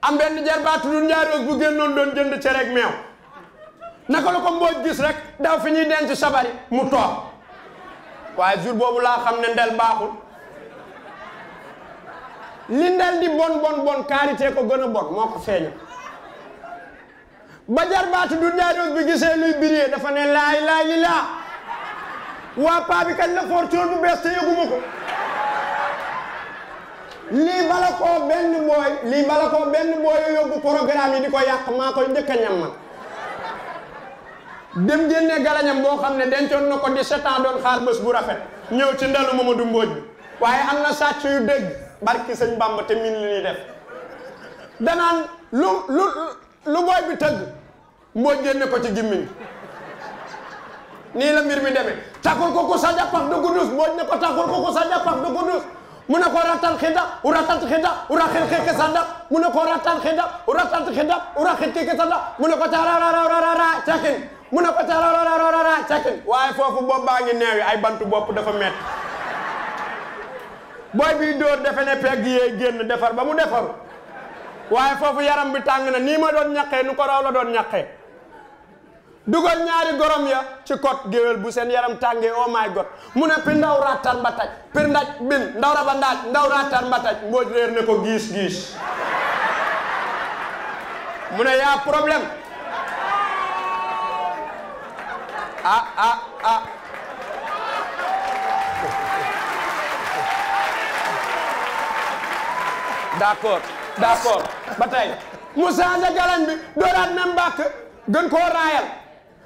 am benn jarbaatu du njaarog bu génnoon doon jënd cere meew naka la ko mbooj gis rek daw fi ñuy denc sabari mu boobu laa xam ne ndel baaxul li ndel di bon bon bon karité ko gën a bon moo ko feeñu ba jarbaatu du njaarog bi gisee luy biree dafa ne laay laay li laa waa paa bi kañ la fortune bu bees te yëguma ko lii bala koo benn booy lii bala koo benn booy yóbbu programme yi di ko yàq maa koy njëkk a ñam dem génne galañam boo xam ne dencoon na ko di sept doon xaar bés bu rafet ñëw ci ndalu Mamadou Mbodj bi waaye am na sàcc yu dégg barki sëñ Bamba te min li ñuy def danaan lu lu lu booy bi tëgg Mbodj génne ko ci gimmiñ nii la mbir mi demee takkul ko ku sa jàppax du ko dus ne ko takkul ko ku sa jàppax du ko mu ne ko ratal xedda uratal xedda ura xel xeke sanda mu ne ko ratal xedda uratal xedda ura xel xeke sanda mu ne ko tararararara mu ne ko tararararara cakin waaye foofu bopp baa ngi neewi ay bantu bopp dafa met booy bi dóor defe ne pegg yee génn defar ba mu defar waaye foofu yaram bi tàng na nii ma doon ñaqee nu ko raw doon ñaqee dugal ñaari gorom ya ci kot géwél bu seen yaram tàngee oh my god mu ne pi ndaw rattar mbattaj pir ndaw raba ndaaj ndaw rattar mbattaj mbooj réer ne ko giis giis mu ne yaa problème ah ah ah d'accord d'accord ba mu saaja galañ bi dooraat même mbàkk gën koo raayal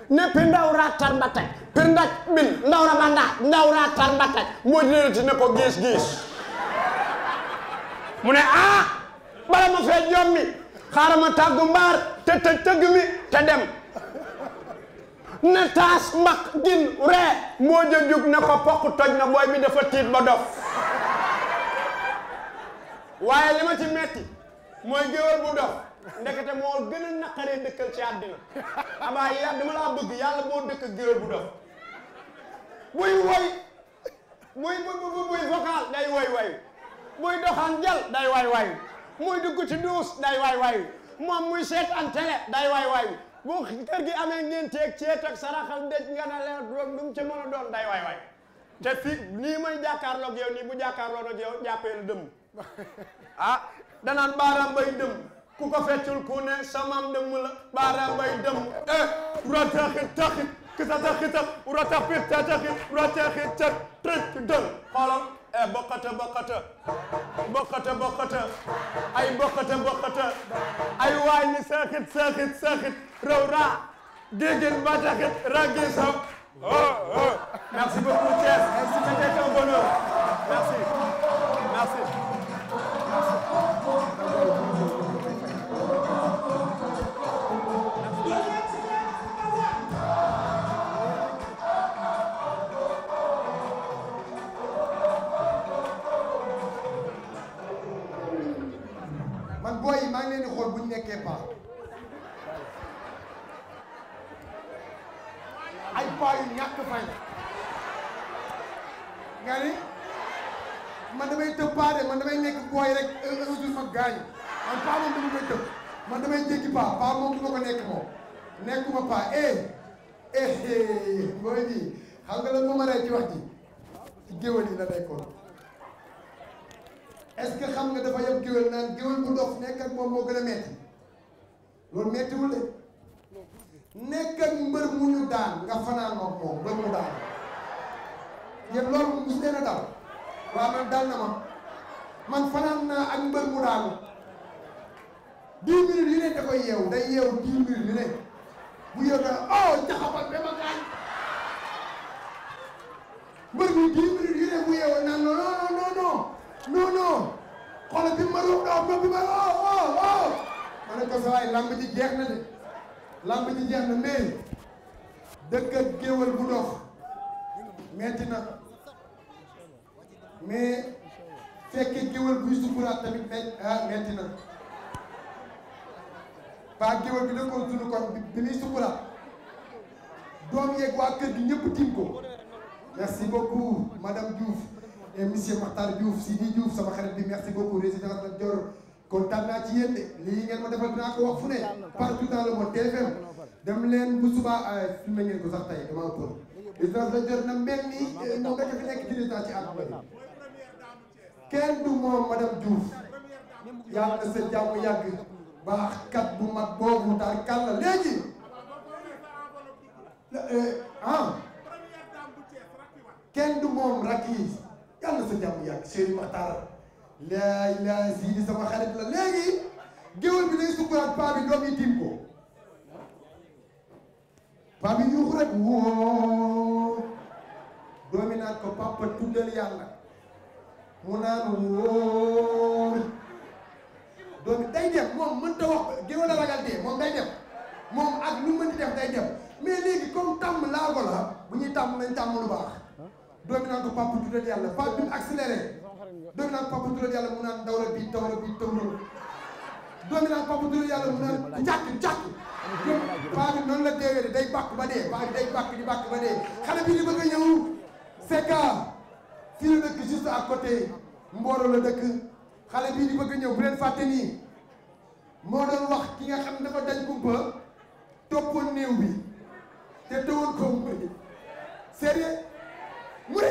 nepi ndawra tarmbatak pirndak ɓil ndawra banda ndawra tarmbatak mojinelti ne ko gis gis mu ne ah bala ma fee jommi xaaral ma tàggu mbaar te tëj tëgg mi te dem ne taas mbaq gin ree moo ne ko pokk toj na booy bi dafa tiit ba dof waaye li ma ci metti mooy géwél bu dof ndekete moo gën a naqaree dëkkal ci àddina abaa yaa dama laa bëgg yàlla boo dëkk géwél bu dof buy woy buy buy buy vocal day woy woy buy doxaan jal day way way muy dugg ci duus day way way moom muy seetaan télé day way way bu kër gi amee ngeen teeg ceet ak saraxal dëj nga ne leer doom lu mu ci mën a doon day way way te fii nii may jàkkaarloog yow nii bu jàkkaarloo ak yow jàppee lu dëmm ah danaan baaraam bay dëmm ku ko feccul ku ne samam dëmm la baaraam bay dëmm eh rataxit taxit kita taxitam ratapit tataxit rataxit ta tëj dël xoolal eh bokkata bokkata bokkata bokkata ay bokkata bokkata ay waay ni saxit saxit saxit raa dégin ba taxit ragi sam oh oh merci beaucoup Thiès c'était un bonheur nga ni man damay tëb paa de man damay nekk booy rek un un ma gaañu man paa moom dama koy tëb man damay jéggi paa paa moom du ma ko nekk moom nekkuma paa eh eh booy eh, bi xam nga ma rey yi la nekkoon est ce que xam nga dafa yem nekk moom moo gën a metti loolu mettiwul de nekk ak mbër mu ñu daan nga fanaan moom moom mbër mu daan. yéen loolu moom mos leen a dal waaw man dal na ma man fanaan naa ak mbër mu daanu dix ne da koy yeewu day yeewu dix minutes ne bu yeewu dara oh jaxabal ba ma gaañ mbër mi dix minutes bu ma ruub daaw ma bi ma oh oh oh ma ne ji jeex na de lamb ji jeex na mais dëkk ak bu dox. metti na mais fekke géwél buy sukuraat tamit ah, metti na ba géwél bi nekkoon sunu kon bi muy sukuraat doom yeeg waa kër gi ñëpp tiim ko merci beaucoup madame Diouf et monsieur Makhtar Diouf Sidi Diouf sama xarit bi merci beaucoup résidence la Dior kontaan naa ci yéen de lii ngeen ma defal dinaa ko wax fu ne partout dans le monde TFM dem leen bu subaa ah, filmé ngeen ko sax tey damaa ko résidence majoritaire na mel ni moom rek a fi nekk ci ci at kenn du moom madame Diouf yàlla na sa jàmm baax kat bu mag boobu daal kàlla léegi eh, ah kenn du moom rakk yi yàlla na sa jàmm yàgg Serigne Makhtar laay laay sii sama la léegi géwél bi day sukkuraat paa bi doom yi tiim ko paa bi yuuxu doomi naan ko papa tuddal yàlla mu naan wóor doomi day dem moom mënta wax géwél a ragal dee moom day dem moom ak lu mën di def day dem mais léegi comme tàmm laago la bu ñuy tàmm nañ tàmm lu baax doomi naan ko papa tuddal yàlla papa bi mu accéléré doomi naan papa tuddal yàlla mu naan bi dawra bi tawra doomi naan papa yàlla mu naan njàkk njàkk la deewee day bàkk ba dee paa bi day bàkk di bàkk ba dee xale bi li bëgg a ñëw Secka fii la dëkk juste à côté Mboro la dëkk xale bii di bëgg a ñëw bu leen fàtte nii moo doon wax ki nga xam ne dafa dañ kumpa toppoon néew bi te teewoon ko mbëri sérieux mu ne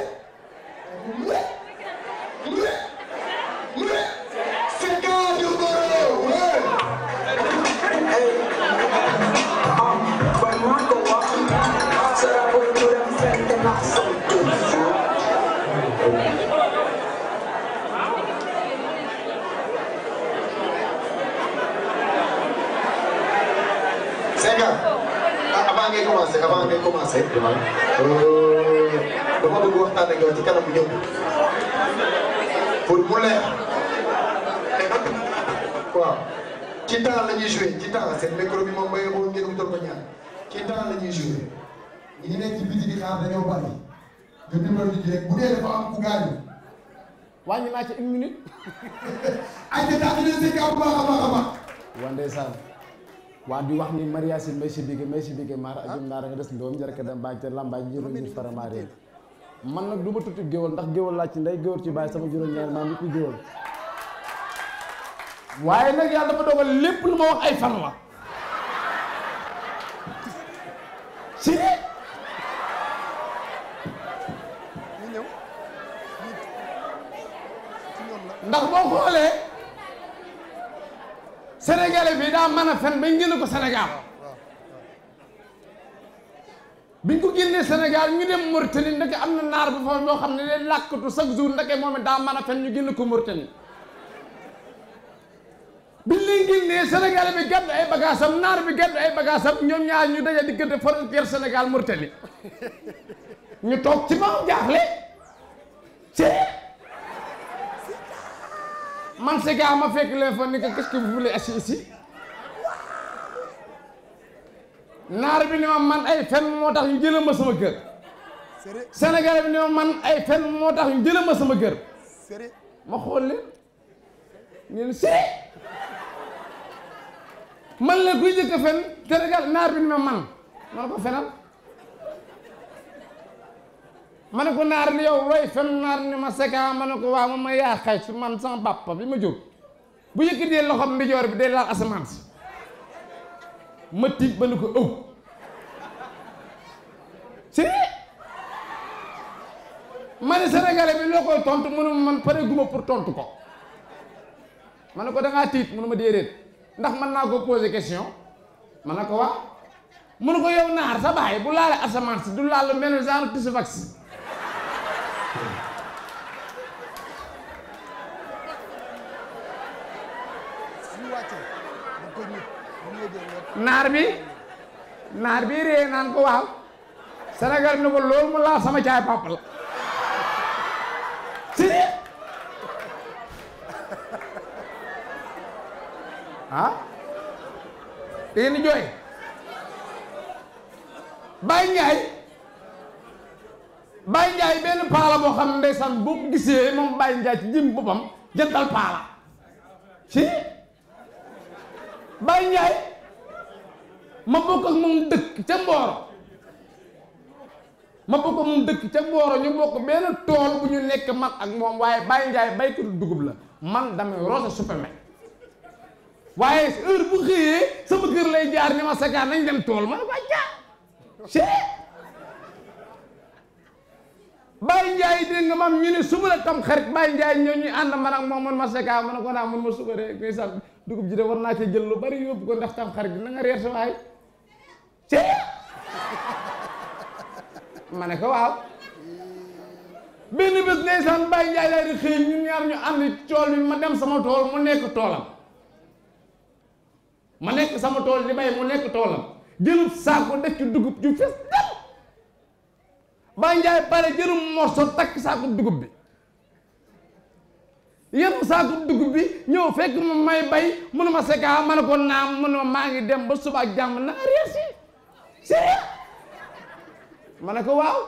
mu ne mu ne mu ne Secka du Mboro commencé euh, dama bëgg waxtaan ci kanam ñëw pour la ñuy joué ci temps seen a bi moom ci temps la ñuy joué ñu nekk ci biti di xaar dañoo bari ñu rek bu dee dafa am ku gaañu. wàññi naa ci une minute. ay ca tax ñu leen seen kàddu baax a baax a baax. waa di wax ni mariasi may si bigi may si bigi maara ajum naara nga des ndoom jaraka dem baaj te lambaaj jëróñi faramaaré man nag du ma tuuti ndax géwal laa ci ndey géwal ci bàyyi sama juróom-ñaar maam nit ñi géwal waaye ndax boo xoolee sénégalais bi daa mën a fen bañ génne ko Sénégal biñ ko génnee Sénégal ñu dem Mauritanie ndeke am na naar bu fa boo xam ne day làkkatu chaque jour ndeke moom it daa mën a fen ñu génne ko Mauritanie biñ leen génnee Sénégalais bi gàddu ay bagaasam naar bi gàddu ay bagaasam ñoom ñaar ñu daje diggante frontière Sénégal Mauritanie ñu toog ci ba jaaxle ci man ce gars ma fekk leen fa ni que qu'est-ce que vous voulez assis ici naar bi ni ma man ay fen moo tax ñu jëlee ma sama kër Sénégal bi ni ma man ay fen moo tax ñu jëlee ma sama kër ma xool leen ñu man la kuy jëkk fen Sénégal naar bi ni ma man man ko fenal ma ne ko naar ni yow looy fen naar ni ma seka ma ne ko waa moom ma yaa xay su man sama papa bi ma jur bu yëkkatee loxoom ndijoor bi day laal asamaan si ma tiit ba ko ëw oh. si ma ne bi loo koy tontu mënu man pare guma pour tontu ko ma ne ko da ngaa tiit mënu ma déedéet ndax mën naa ko poser question ma ne ko waaw mënu ko yow naar sa baay bu laale asamaan du laal lu mel ne genre tissu naar bi naar bi ree naan ko waaw Sénégal ni ko loolu mu laal sama caay papa la si ah dangeen ni jooy Baye Ndiaye Baye Ndiaye benn paala boo xam ne ndeysaan boo ko moom Baye Ndiaye ci jëm boppam jëndal paala si Baye Ndiaye ma bokk ak moom dëkk ca Mboro ma bokk ak moom dëkk ca Mboro ñu bokk benn tool bu ñu nekk man ak moom waaye Baye Ndiaye baykatu dugub la man damay roose supame waaye heure bu xëyee sama kër lay jaar ni ma sakaan nañ dem tool ma ne ko ja cee Baye Ndiaye dégg nga maam ñu ne suba la tam xarit Baye Ndiaye ñëw ñu ànd man ak moom man ma sekaa ma ne ko naa mun ma suba rek ngay sant dugub ji de war naa ci jël lu bari yóbbu ko ndax tam xarit dina nga reer sa waay te ma ne ko waaw benn bés ndeysaan Baye lay di xëy ñun ñaar ñu ànd cool bi ma dem sama tool mu nekk toolam ma nekk sama tool di bay mu nekk toolam jëlub saako def ci dugub ju fees dem Baye Ndiaye pare jëlub morso takk saako dugub bi yéen saako dugub bi ñëw fekk ma may bay mënuma sekaa ma ne ko naam mënuma maa ngi dem ba suba ak jàmm naa rees yi sérieux ma waaw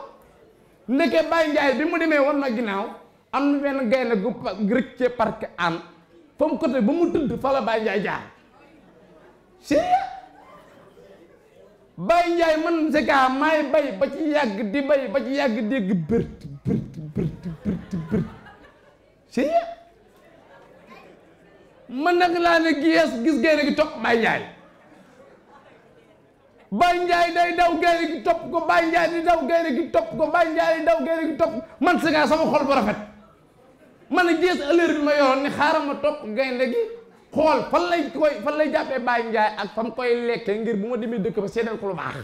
ndeke Baye Ndiaye bi mu demee woon na ginnaaw am na benn gaynde gu rëcce parc an fa mu côté ba mu tëdd fa la Baye jaar sérieux Baye Ndiaye man seka maay bay ba ci yàgg di bay ba ci yàgg dégg bërt bërt bërt bërt bërt sérieux man nag laa ne gies gis gaynde gi topp Baye Ndiaye Baye Ndiaye day daw gaynde gi topp ko Baye Ndiaye di daw gaynde gi topp ko Baye Ndiaye di daw gaynde gi topp man sigaa sama xol bu rafet man a jees allure bi ma yoroon ni xaaral ma topp gaynde gi xool fan lay lay jàppee Baye Ndiaye ak fam koy lekkee ngir bu ma demee dëkk ba seedal ko lu baax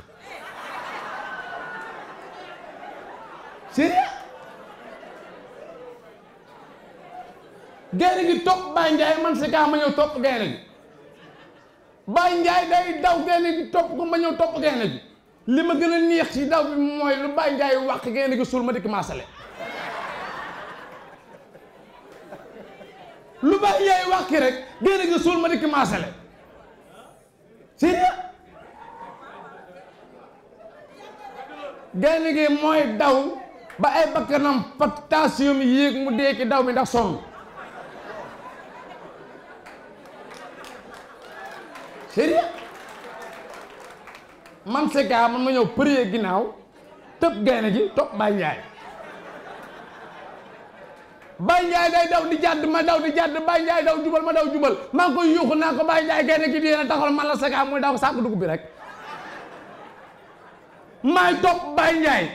sérieux gaynde gi topp Baye Ndiaye man sigaa ma ñëw topp gaynde gi Baye Ndiaye day daw gaynde gi topp ko ma ñëw topp gaynde gi li ma gën a neex ci daw bi mooy lu Baye Ndiaye wax gaynde gi suul ma dikk maasale lu Baye Ndiaye wax ki rek gaynde gi suul ma dikk maasale si gaynde gi mooy daw ba ay bakkanam potassium yéeg mu dee daw mi ndax sonn lancé gaa man ma ñëw përiyee ginnaaw tëb gaynde gi topp Baye Ndiaye Baye Ndiaye day daw di jàdd ma daw di jàdd Baye Ndiaye daw jubal ma daw jubal maa ngi koy yuuxu naa ko Baye Ndiaye gaynde gi di yéen a taxawal man la sa gaa muy daw sàkku dugub bi rek maay topp Baye Ndiaye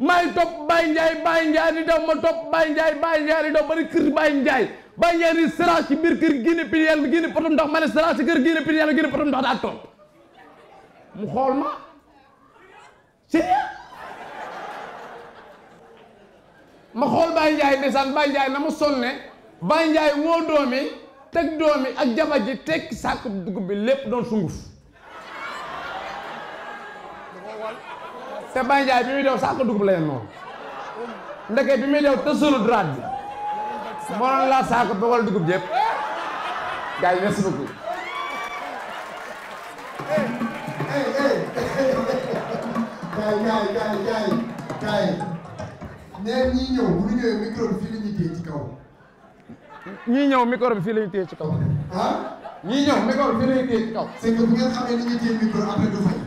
maay topp Baye Ndiaye Baye Ndiaye di daw ma topp Baye Ndiaye Baye Ndiaye di daw ba kër Baye Ndiaye di seraas ci biir kër gi ne piliel gi ne potum ndox ma ne seraas ci kër gi ne piliel gi ne potum ndox daa topp mu xool ma sérieux ma xool Baye Ndiaye ndeysaan Baye Ndiaye na mu sonne Baye Ndiaye woo doomi teg doomi ak jabar ji teg sàkk dugub bi lépp doon sunguf te Baye Ndiaye bi muy dew sàkk dugub la yen noonu ndeke bi muy dew te solu draat bi moo doon laa sàkk ba wala dugub jépp gars yi merci beaucoup hey hey kaay kaay kaay kaay kaay neen ñi ñëw bu ñu ñëwee micro bi fii la ñuy téye ci kaw. ñii ñëw micro bi fii la ñuy téye ci kaw. ah. ñii ñëw micro bi fii la ñuy téye ci kaw. c'est que bu ngeen xamee ni ñuy téye micro après du fay.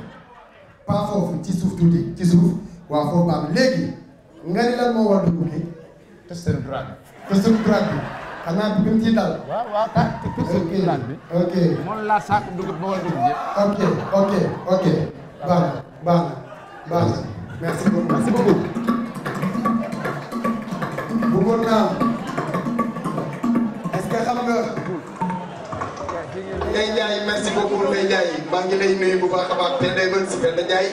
pas foofu ci suuf tuuti ci suuf waaw foofu baax léegi nga ni lan moo war a dugg te seen drag te seen drag bi. xanaa bi mu ciy dal. waaw waaw tax te course bi bi. ok moom saako dugub ba wala dugub yëpp. ok ok ok baax na baax na baax na merci beaucoup xam nga. Ndeye Ndiaye merci beaucoup Ndeye Ndiaye maa ngi lay nuyu bu baax a baax te Ndeye Mbengue si benn Ndiaye.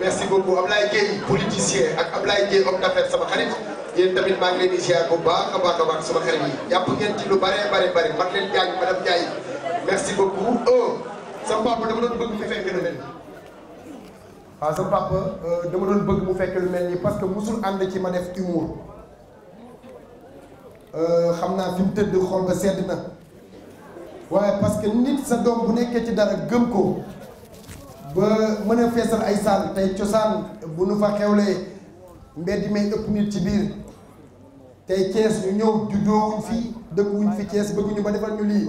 merci beaucoup Ablaye Gueye politicien ak Ablaye Gueye homme d'affaires sama xarit yéen tamit maa ngi leen di ziar bu baax a baax sama xarit yi jàpp ngeen ci lu bare bare bare mag leen Diagne madame Diagne merci beaucoup oh euh, sama papa dama doon bëgg mu fekk ah, sama papa euh, dama doon bëgg mu fekk lu mel nii parce que musul ànd ci ma def humour euh, xam naa fi mu tëdd xol ba sedd na waaye parce nit sa doom bu nekkee ci dara gëm ko. ba mën a feesal ay saal tey cosaan bu nu fa xewlee mbedd may ëpp nit ci biir tey Thiès yu ñëw juddoowuñ fi dëkkuwuñ fi Thiès bëgguñu ba defal ñu lii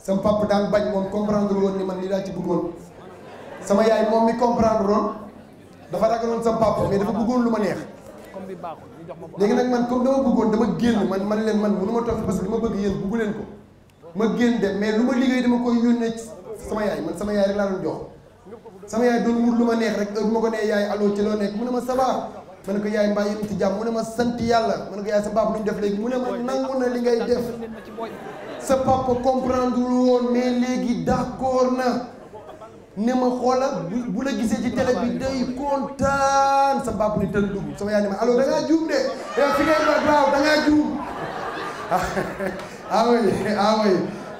sama papa daan bañ moom comprendre woon ni man laa ci bëggoon sama yaay moom mi comprendre dafa ragaloon sama papa mais dafa bëggoon lu ma neex léegi nag man comme dama bëggoon dama génn man man leen man mënu ma toog parce que li ma bëgg yéen ko ma génn mais lu liggéey dama koy yónnee sama yaay man sama yaay rek laa doon jox sama yaay doon wut lu ma neex rek heure bu ma ko nee yaay allo ci loo nekk mu ne ma ça va ma ne ko yaay mbaa yëpp yàlla ma ne ko yaay sa baab lu def léegi mu ne ma nangu na li ngay def sa papa comprendre lu woon mais léegi d'accord na ne ma xoola bu la gisee ci télé bi day kontaan sa baab ni tël dugg sama yaay ne ma allo da ngaa juum de eh, fi ngay ba waaw da ngaa juum ah oui ah oui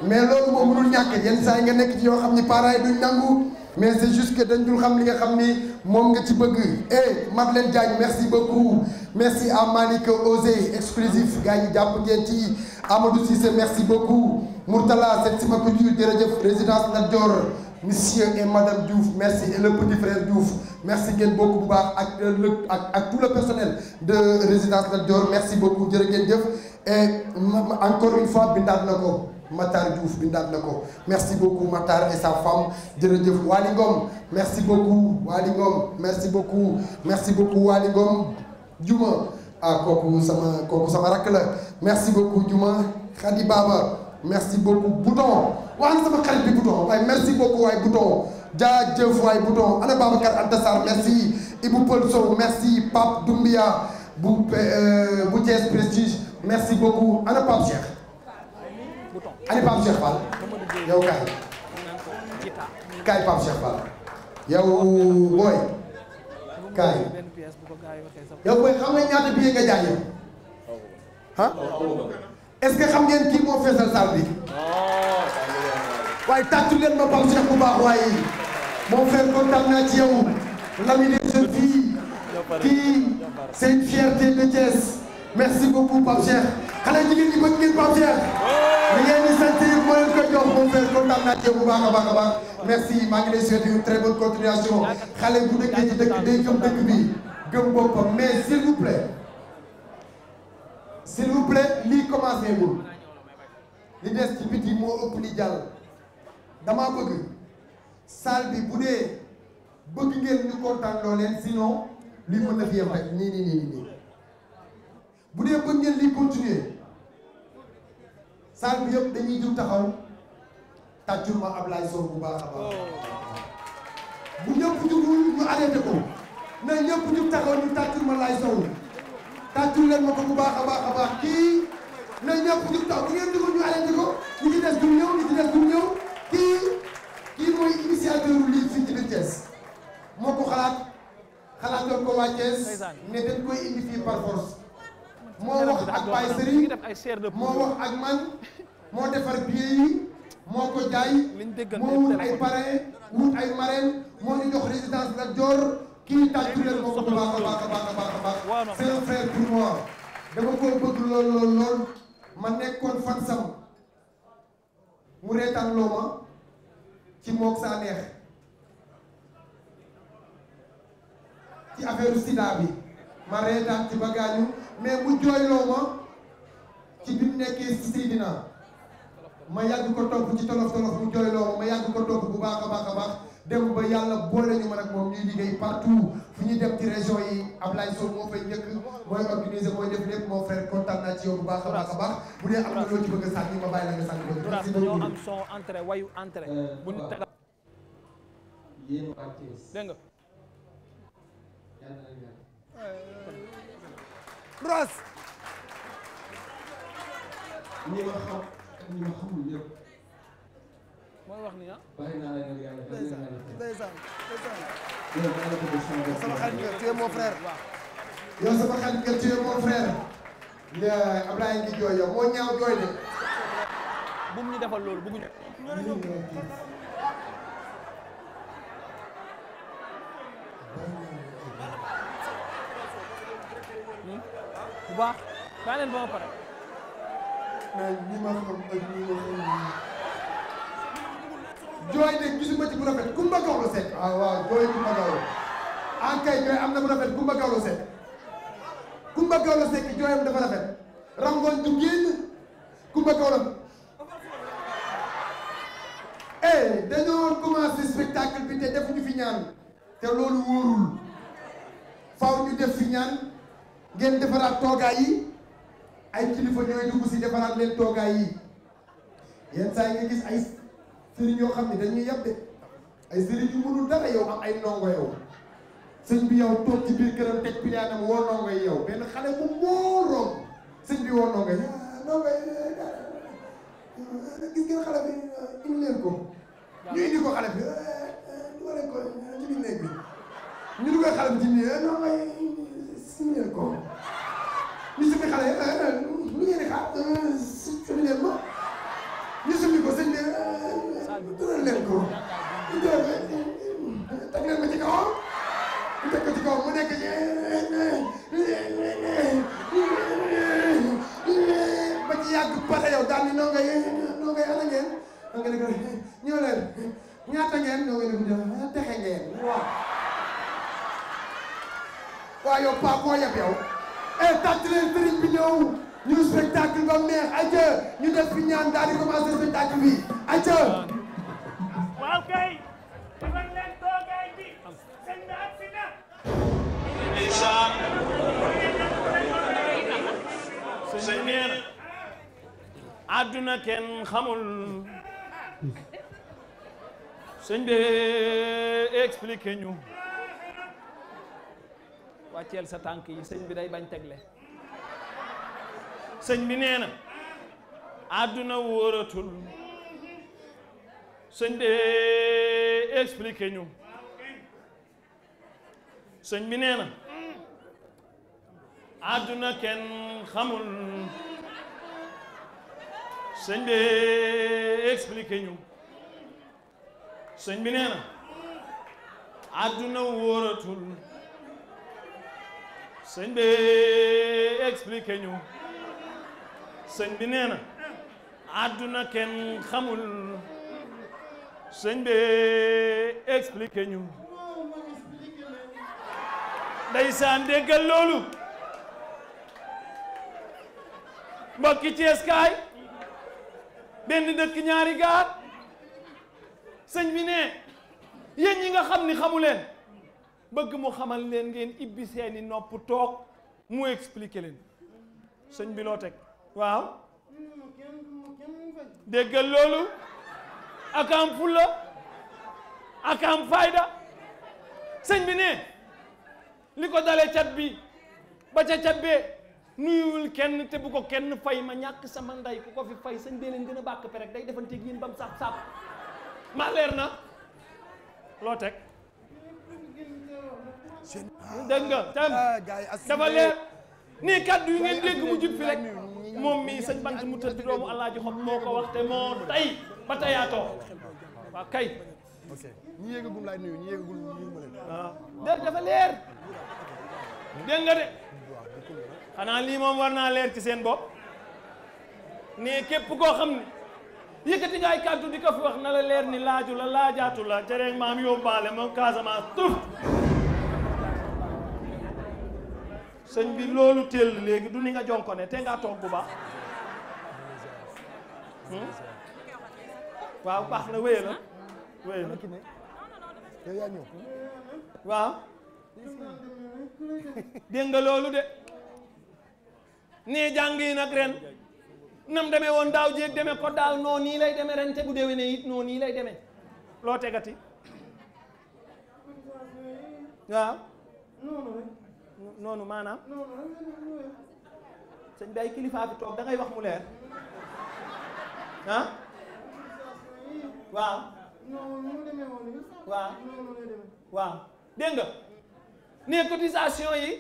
mais loolu moom mënul ñàkk yenn saa nga nekk ci yoo xam ni parents duñ nangu. mais c'est juste que dañ dul xam li nga xam ni moom nga ci bëgg eh Madeleine Diagne merci beaucoup merci à Malick Osé exclusif gars yi jàpp ngeen ci Amadou Cissé merci beaucoup Mourtala Seck Sima Couture jërëjëf résidence Lat Dior monsieur et madame Diouf merci et le petit frère Diouf merci ngeen beaucoup bu baax ak le ak ak tout le personnel de résidence Lat merci beaucoup jërë ngeen jëf et encore une fois bindaat na ko. Matar bi bindaat na ko merci beaucoup Matar et sa femme jërëjëf Waly Ngom merci beaucoup Waly Ngom merci beaucoup merci beaucoup Waly Ngom Juma ah kooku sama kooku sama rakk la merci beaucoup Juma Khady Baba merci beaucoup Bouton waaye sama xarit bi Bouton waaye merci beaucoup waay Bouton jaajëf waay Bouton ana Babacar Anta Sarr merci Ibou Pël Sow merci Pape Doumbia bu euh, bu Thiès Prestige merci beaucoup ana Pape Cheikh ani Pape Cheikh Fall yow kaay kaay Pape Cheikh Fall yow booy kaay yow booy xam nga ñaata billet nga jaay yow ah est-ce que xam ngeen kii moo feesal salle bi waaye tàccu leen ma Pape Cheikh bu baax waaye mon frère kontaan naa ci yow l'ami des jeunes filles kii merci beaucoup Pape xale jigéen bëgg ngeen Pape Cheikh li ngeen di sant yi jox moom fee kontaan naa yow bu baax a baax a baax merci maa ngi lay souhaiter une très bonne continuation xale bu dëkkee ci dëkk day gëm dëkk bi gëm boppam mais s'il vous plaît s'il vous plaît lii commencé wul li des ci biti moo ëpp li jàll damaa bëgg salle bi bu dee bëgg ngeen ñu kontaan loo leen sinon li mën na fi yem rek nii nii nii nii bu dee bëgg ngeen lii continuer salle bi yëpp dañuy jëm taxaw tàccul ma Ablaye Sow bu baax a baax bu ñëpp jugul ñu arrêté ko na ñëpp jug taxaw ñu tàccul ma Laye Sow tàccul leen ma ko bu baax a baax a baax kii na ñëpp jug taxaw bu ngeen ñu arrêté ko ñu ci des du ñëw ñu kii kii mooy initiateur lii fii ci biir moo ko xalaat xalaat doon ko waa Thiès ne dañ koy indi fii par moo wax ak Baye Serigne moo wax ak man moo defar billet yi moo ko jaay moo wut ay parrain wut ay marraine moo ñu jox résidence la Dior kii tàccu leen ko bu baax a baax a baax a baax c'est un frère pour moi dama koo bëgg lool lool ma nekkoon fan sam mu reetaan loo ci mook saa neex ci affaire sida bi ma reetaan ci bagaañu mais mu jooyloo ma ci bi mu nekkee Sidina ma yàgg ko topp ci tolof tolof mu jooyloo ma ma yàgg ko topp bu baax a baax a baax dem ba yàlla boole ñu man ak moom ñuy liggéey partout fu ñuy dem ci région yi Ablaye Sow moo fay njëkk mooy organiser mooy def lépp moo frère kontaan bu baax a baax a baax bu dee am na loo ci bëgg a sànni ma bàyyi la nga sànni bëgg merci beaucoup ñoo am son entrée wayu entrée euh, bu ñu tagal yéen artiste dégg nga Brosse. ñi ma xam ak ñi ma xamul ñëpp. mooy wax ni ah. bàyyi naa la ñu yàlla bàyyi naa la ñu. ndeysaan ndeysaan. sama xarit nga tu es mon frère. yow sama xarit nga tu es mon frère. nga Ablaye ngi jooy yow moo ñaaw jooy de. bu mu ñu defal loolu bëgguñu. bu baax daaneel ba pare. mais ñi ma xam ak ñi ma xam jooy de gisuma ci Kumba Gawlo Seck ah waaw jooy Kumba jooy ah am na bu rafet Kumba Gawlo Kumba Gawlo Seck jooyam dafa rafet rangoon du génn Kumba Gawlo eh dañoo commencé spectacle bi te defuñu fi ñaan te loolu wóorul faaw ñu def ngeen defaraat toogaay yi ay kilifa ñooy dugg si defaraat leen toogaay yi yenn saa yi nga gis ay sëriñ yoo xam ne dañuy yab de ay sëriñ yu mënul dara yow am ay ndongo yow sëñ bi yow toog ci biir këram teg piliaanam woo ndongo yi yow benn xale bu mooroom sëñ bi woo ndongo yi ah, ndongo yi eh, eh, gis ngeen xale bi eh, indi leen ko ñu indi ko xale bi dugal ko ci biir néeg bi ñu dugal xale bi ci biir ndongo suñu leen ko ñu suñu xale yi lu ngeen di xaar suñu leen ma ñu suñu ko sëñ bi tëral leen ko ñu jël teg leen ko ci kawam ñu teg ko ci kawam mu nekk ci ba ci yàgg pare yow daal ni noo ngay noo ngay ana ngeen nga ne ko ñëw leen ñaata ngeen ñoo ngay def texe ngeen waaw waaye yow Paa koo yeb yow eh tàcc leen sëriñ bi ñëw ñu spectacle ba neex ayca ñu def ñaan daal di commencé bi ayca. waaw kay. ndeysaan sëñ neena àdduna kenn xamul sëñ bi expliqué ñu wàcceel sa tànk yi sëñ bi day bañ tegle sëñ bi nee na àdduna wóoratul sëñ de expliqué ñu sëñ bi nee na àdduna kenn xamul sëñ de expliqué ñu sëñ bi nee na àdduna wóoratul sëñ bi expliqué ñu sëñ bi nee na àdduna kenn xamul sëñ bi expliqué ñu ndeysaan déggal loolu mbokki Cees kaay benn dëkk ñaari gaat sëñ bi ne yéen ñi nga xam ni xamu leen bëgg mu xamal leen ngeen ibbi seeni nopp toog mu expliqué leen sëñ bi loo teg waaw déggal loolu ak am fulla ak am fayda sëñ bi ne li ko dale cat bi ba ca cat bee nuyuwul kenn te bu ko kenn fay ma ñàkk sama ndey ku ko fi fay sëñ bee leen gën a bàkk perek day defanteeg yéen bam sap sap ma leer na loo teg dégg nga tam ah, dafa leer nii kaddu yi ngeen dégg mu jub fi moom mii sëñ bant mu tëdd doomu Alaaji Xob moo ko wax moo tay ba tayaatoo waaw kay ah, dafa leer dégg de xanaa lii moom war naa leer ci seen bopp ne képp koo xam ne yëkkati nga ay di ko fi wax na la leer ni laaju la laajaatu la jëree maam yóbbaale moom Casamance tuf sëñ bi loolu téel léegi du ni nga jonkone te ngaa toog bu baax hmm? waaw baax na wéy na wéy na waaw dégg nga loolu de nii jàng yi nag ren nam demee woon daaw jéeg demee ko daal noo nii lay demee ren te bu déwénee it noo nii lay demee loo tegati waaw noonu maanaam sëñ bi ay kilifaa fi toog da ngay wax mu leer ah waaw waaw waaw dégg yi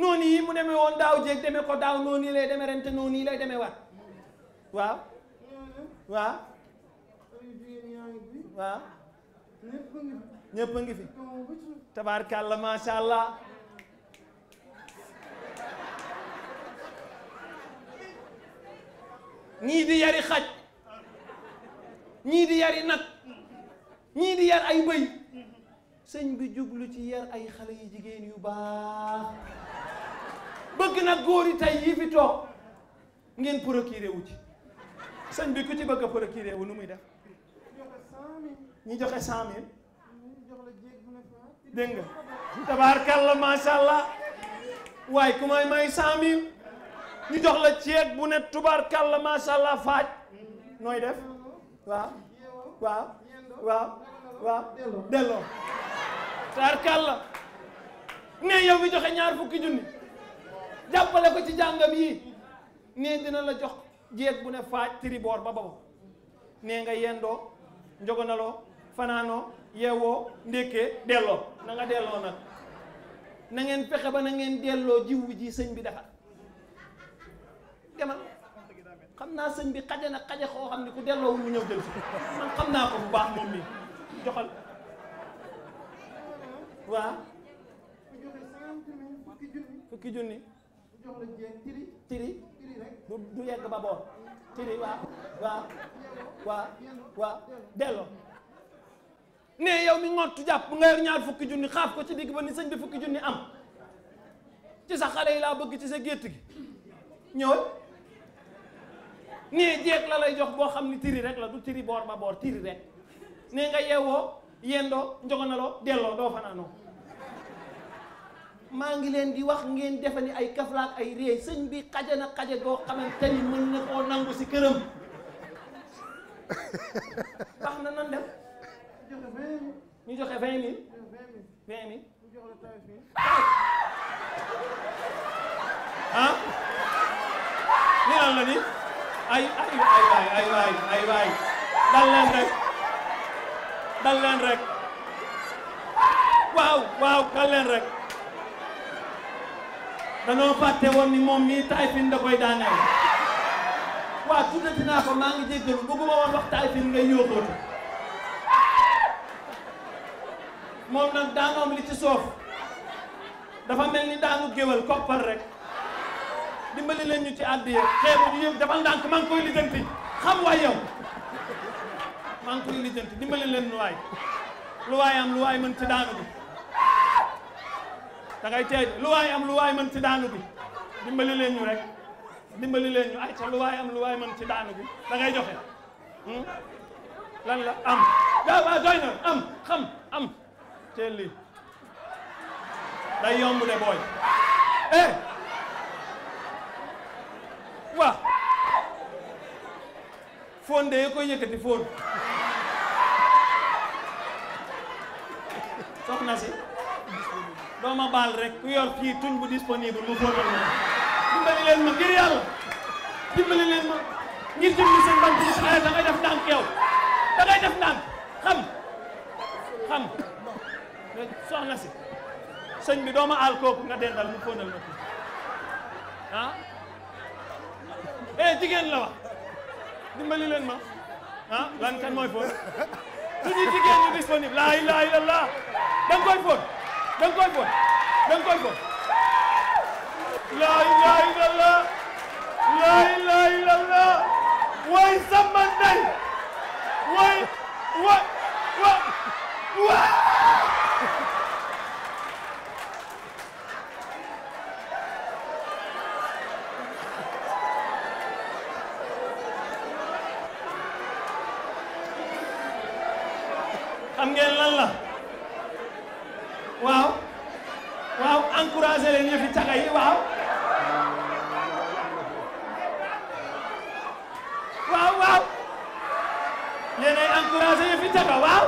noonu yi mu demee woon daaw jéeg demee ko daaw noonu yi lay demee ren te noonu lay demee waat waaw waaw waaw ñëpp a ngi fi tabaarkàlla allah ñii di yari xaj ñii di yari nag ñii di yar ay bëy sëñ bi jublu ci yar ay xale yu jigéen yu baax bëgg nag góor yi tey yii fi toog ngeen procuré wu ci sëñ bi ku ci bëgg a procuré wu nu muy def ñu joxe cent mille dégg la tabaarkalla macha waaye ku may may cent ñu jox la ceeb bu ne tubaarkàlla macha allah faaj nooy def waaw waaw waaw waaw delloo tubaarkàlla ne yow mi joxe ñaar fukki junni jàppale ko ci jàngam yii ne dina la jox jeeg bu ne faaj triboor ba baba nee nga yendoo njogonaloo fanaanoo yewoo ndékkee delloo nanga delloo nag na ngeen fexe ba na ngeen delloo jiwu ji sëñ bi defar demal xam naa sëñ bi xaje na xaje xam ne ku delloowul mu ñëw jël si man xam naa ko bu baax moom mi joxal waaw fukki junni tiri du du yegg ba tiri waaw waaw waaw waaw delloo ne yow mi ngottu jàpp nga yor ñaar fukki junni xaaf ko ci digg ba ni sëñ bi fukki junni am ci sa xale yi laa bëgg ci sa gétt gi ñëwal nee jeeg la lay jox boo xam ni tiri rek la du tiri boor ba boor tiri rek nee nga yeewoo yendoo njogonaloo delloo doo fanaanoo maa ngi leen di wax ngeen defe ni ay kaflaak ay réey sëñ bi xaja na xaja goo xamante ni si këram na nan def ñu joxe vingt mille vingt mille ah la ni ay ay ay waay ay waay ay waay dal rek dal rek waaw waaw dal rek danoo fàtte woon ni moom mii Typhine da koy daaneel waaw tuddati naa ko maa ngi jéggalu bëgguma woon wax Typhine ngay yóoxootu moom nag daanoom li ci soof dafa mel ni daanu géwal koppar rek dimbali leen ñu ci àddiya xeebu ñu yëpp defal ndànk maa ngi koy xam waay yow maa ngi koy lijjanti leen lu waay lu waay am lu ay mën ci daanu bi da ngay tey lu waay am lu mën ci ñu rek dimbali ñu ay lu waay am lu waay mën ci daanu bi da ngay joxe hmm? lan la am daa ba doy na am xam am teel day yomb de booy eh! waaw fóon de koy yëkkati fóon soxna si dooma baal rek ku yor kii tuñ bu disponible mu fóonal ma dimbali leen ma ngir yàlla dimbali leen ma ngir jëmmi seen bant bi ay da ngay def ndànk yow da ngay def ndànk xam si sëñ bi dooma aal nga dendal mu fóonal ma ah eh jigéen la wax leen ma ah lan mooy fóot suñu jigéen ñi disponible laa ilaaha illallaah da nga koy fóot da nga koy fóot da nga koy fóot laa ilaaha illallaah laa arrangé leen waaw waaw waaw yéenay encouragé yëfi caga waaw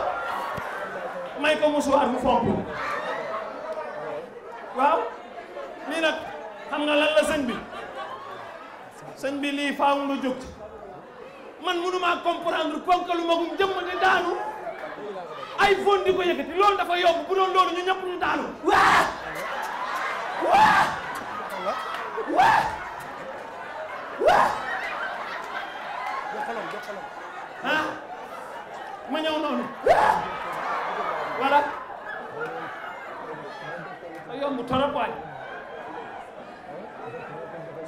may ko musuwaar mu fomp waaw lii nag xam nga lan la sëñ bi sëñ bi lii faaw lu jóg man mënumaa comprendre konka lu magum jëmm di daanu ay fon di ko loolu dafa yomb bu doon ñu ñëpp ñu daanu ah ma ñëw noonu voilà a yomb torop waay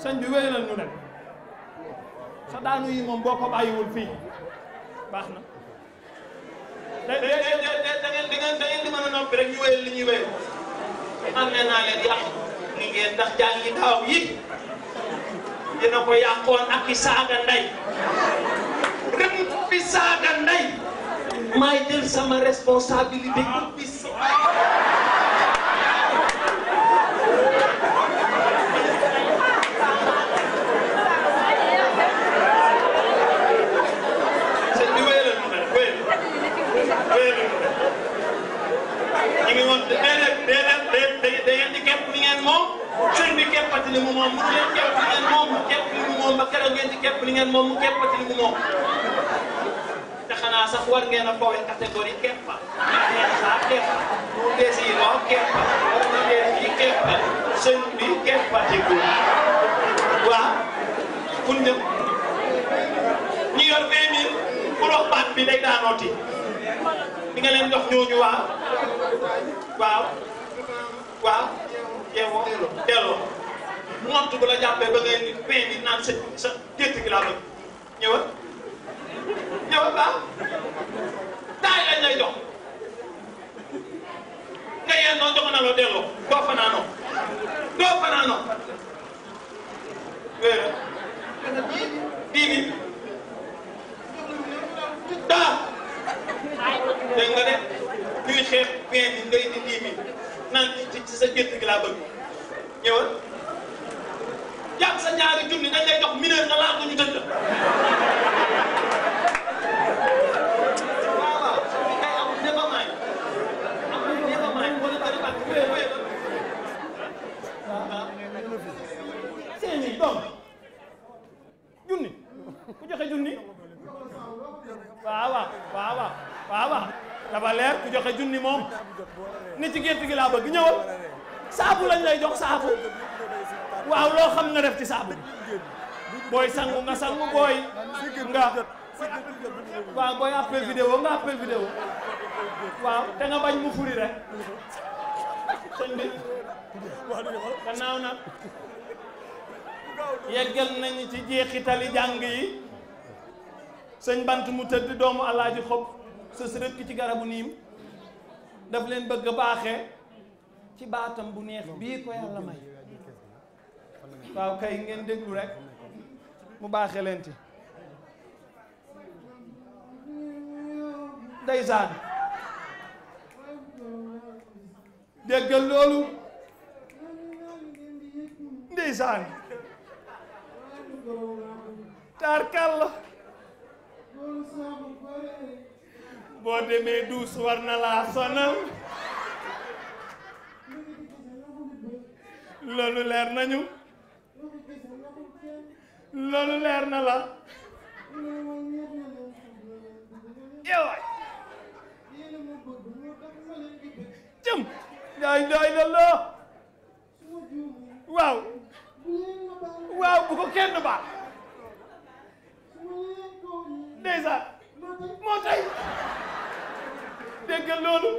sëñ bi wéy na ñu dem sa daanu yi moom boo ko bàyyiwul fii baax na da ngeen da ngeen da ngeen di mën a noppi rek ñu wéyal li ñuy wéyal am na naa leen yàq ni ngeen ndax jàngi daaw yi dina ko yàqoon ak i saaga ndey ren bi saaga ndey maay jël sama responsabilité bi képp li mu moom mu ngeen képp li ngeen moom képp li mu moom ba keroog ngeen di képp li ngeen moom mu képp li mu moom. te xanaa sax war ngeen a fowe catégorie képp ngeen saa képp pour désilor képp pour liggéey bi képp sëñ bi képp ci góor waaw fu ñu dem ñu yor 20 000 pour wax baat bi day daanooti di nga leen jox ñooñu waaw waaw waaw. Delo. Delo. montu bu la jàppee ba ngay pain bi naan sa sa gétt gi laa bëgg ñëwal ñëwal baax taay lañ lay jox nga yeen noo jox na loo delloo doo fanaanoo doo fanaanoo wéer diini daa dégg nga de kuy xeex pain bi ngay jàpp sa ñaari junni dañ lay jox mineur nga laal ko ñu tëj la. waaw kay amul junni ku junni waaw waaw waaw waaw waaw dafa junni moom ni ci gétt gi laa bëgg ñëwal saabu lañ lay jox saabu. waaw loo xam nga def ci saabu booy sangu nga sangu booy nga waaw booy appel vidéo nga appel vidéo waaw te nga bañ mu furi rek sëñ bi gannaaw nag yeggal nañu ci jeexitali jàng yi bant mu tëdd doomu alaaji xob sës rëkk ci garabu niim daf leen bëgg baaxee ci baatam bu neex bii ko yàlla may waaw kay ngeen déglu rek mu baaxee leen ci ndeysaan déggal loolu ndeysaan taarkal la boo demee duus war na laa sonal loolu leer nañu loolu leer na la yowaay jëm daay daay la waaw bu ko kenn baal ndeysaan moo tey dégg loolu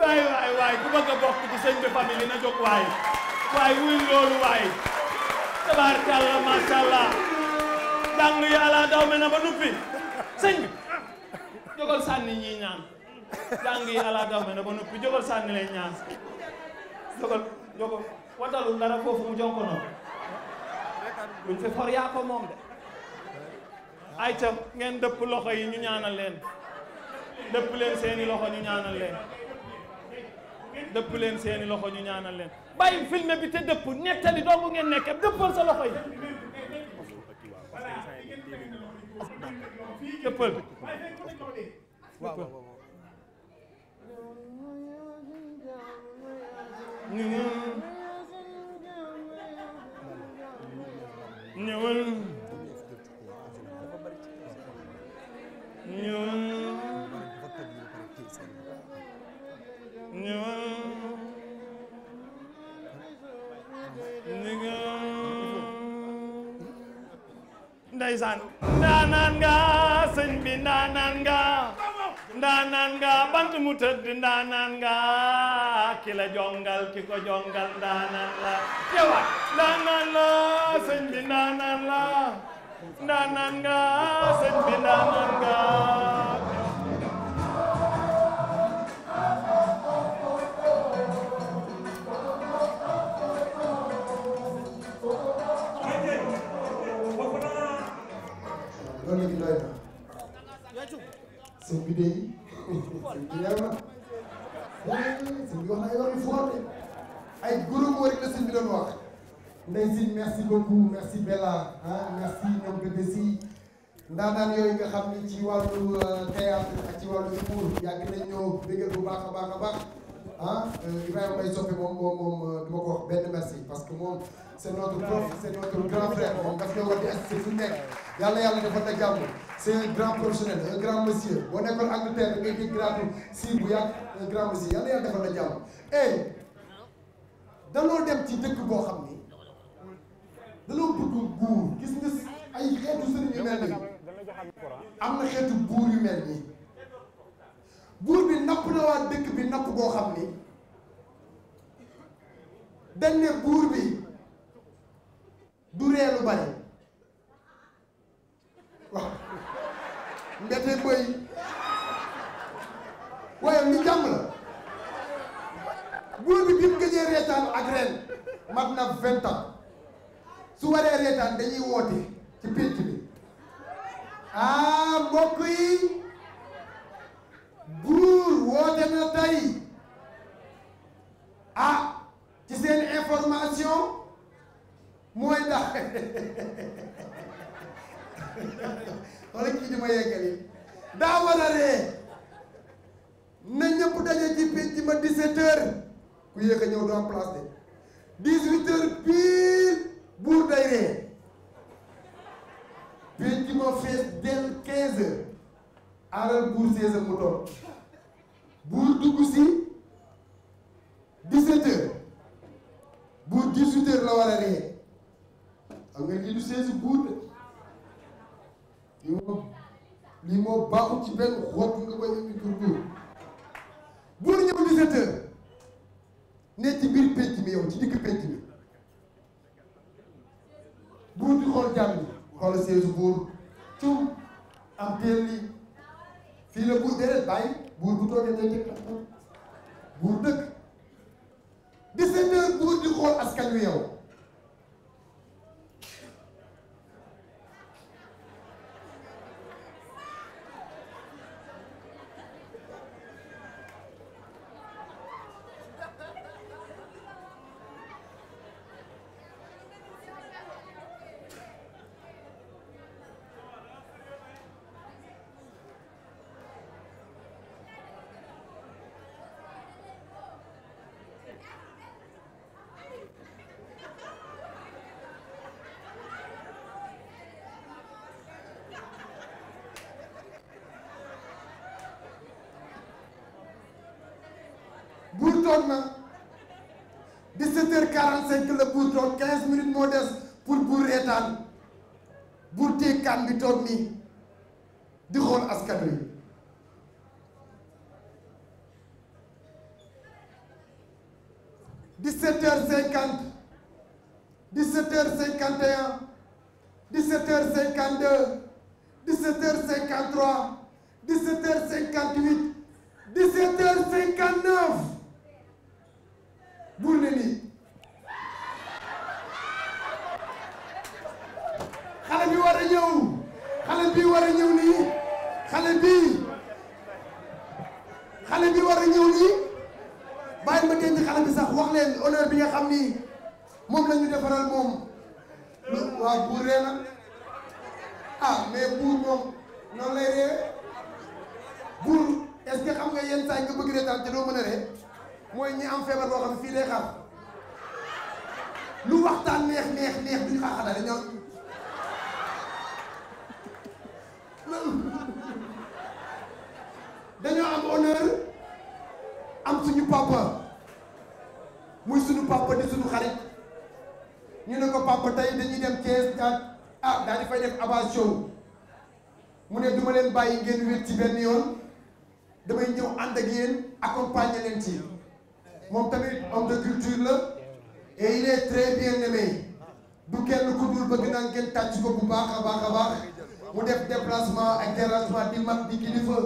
waay waay waay ku bëgg a bokk ci sëñ bi famille na jóg waay waay wuy loolu waay tabaarkalla macha allah jàng yàlla daw me na ba nuppi sëñ bi jógal sànni ñaan jàng yàlla me na ba nuppi jógal sànni lay ñaan jógal jógal watalul dara foofu mu jonko noonu buñ fi yaa ko moom de ay ca ngeen dëpp loxo yi ñu ñaanal leen dëpp leen seeni loxo ñu ñaanal leen dëpp leen seeni loxo ñu ñaanal leen bàyyi filme bi te dëpp nettali doomu ngeen nekk dëppal sa loxo yi dëppal ñëwal ñëwal ndeysaan ndaanaan nga sëñ bi ndaanaan nga nga bant mu tëdd ndaanaan nga ki jongal ki ko jongal ndaanaan la yowa ndaanaan la sëñ bi ndaanaan la ndaanaan nga sëñ bi ndaanaan nga sëñ bi de sëñ ma sëñ bi wax na ay wax yu fort ay gërëm rek la sëñ bi doon wax. Ndeye Sine merci beaucoup merci Bella ah merci ñoom bébé si ndaanaan yooyu nga xam ni ci wàllu euh, théâtre ak ci wàllu humour yàgg nañ ñoo bégal bu baax a baax a ah euh, Ibrahima may soppe moom moom moom euh, du ko benn merci parce que moom. c' est notre prof c' est grand frère moom daf ñoo war di assister fu nekk yàlla yàlla defal na jàmm c' est un grand professionnel un grand monsieur boo nekkoon Angleterre ngay dégg gradu si bu yàgg grand monsieur yàlla yàlla defal na jàmm et eh, danoo dem ci dëkk boo xam ni danoo bëgg buur gis nga ay xeetu sëriñ yu mel nii am na xeetu buur yu mel nii buur bi napp na waa dëkk bi napp boo xam ni dañ buur bi du ree lu bari waaw mbete bëy waaye li jàmm la góor bi bi mu reetaan ak ren mat na vingt su waree reetaan dañuy woote ci pénc bi ah mbokk yi buur woote na tey ah ci seen information mooy tax wala kii di ma yeggali daa war ree na ñëpp daje ci pénc ma 17 heures ku yéex ñëw du place de 18 heures buur day ree pénc ma fees del 15 heures aaral buur 16 mu toog buur dugg si 17 buur 18 la war ree du seize guud yow lii moo baaxul ci benn xoot nga koy indi pour buur buur ñëw dix-sept heures ne ci biir penc mi yow ci digg penc mi buur di xool jàmm xool seize buur cum am teel li fii la buur déedéet bàyyi buur bu toogee day dëkk buur dëkk toog nii bàyyi ngeen wéet ci benn yoon damay ñëw ànd ak yéen accompagner leen ci moom tamit homme de culture la et il est très bien aimé du kenn ku dul bëgg naa ngeen tàcc ko bu baax a baax a baax mu def déplacement ak dérangement di mag di kilifa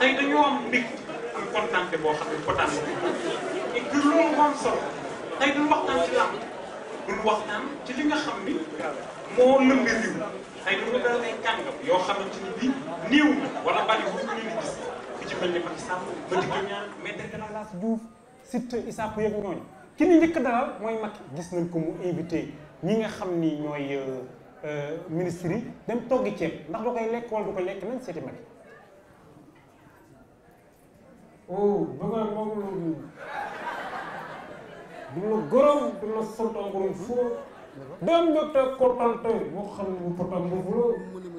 tey dañoo am mbég am kontaante boo xam ne kontaante bi du ci li nga xam ni moo lëmbe réew tey duñ la dalal ay kàngam yoo xamante ni bii néew na wala bari fu ñu gis ku ci mel ni Pakistan ki ni njëkk dalal mooy Macky gis nañ ko mu invité ñi nga xam ni ñooy euh, euh, ministre yi dem toggi ceeb ndax da koy lekk wala ko lekk nañ seeti Macky 오 누가 먹으려고 duma gërëm duma sant encore une fois dem mbégte kontante moo xam ne bu kontaan bu fulo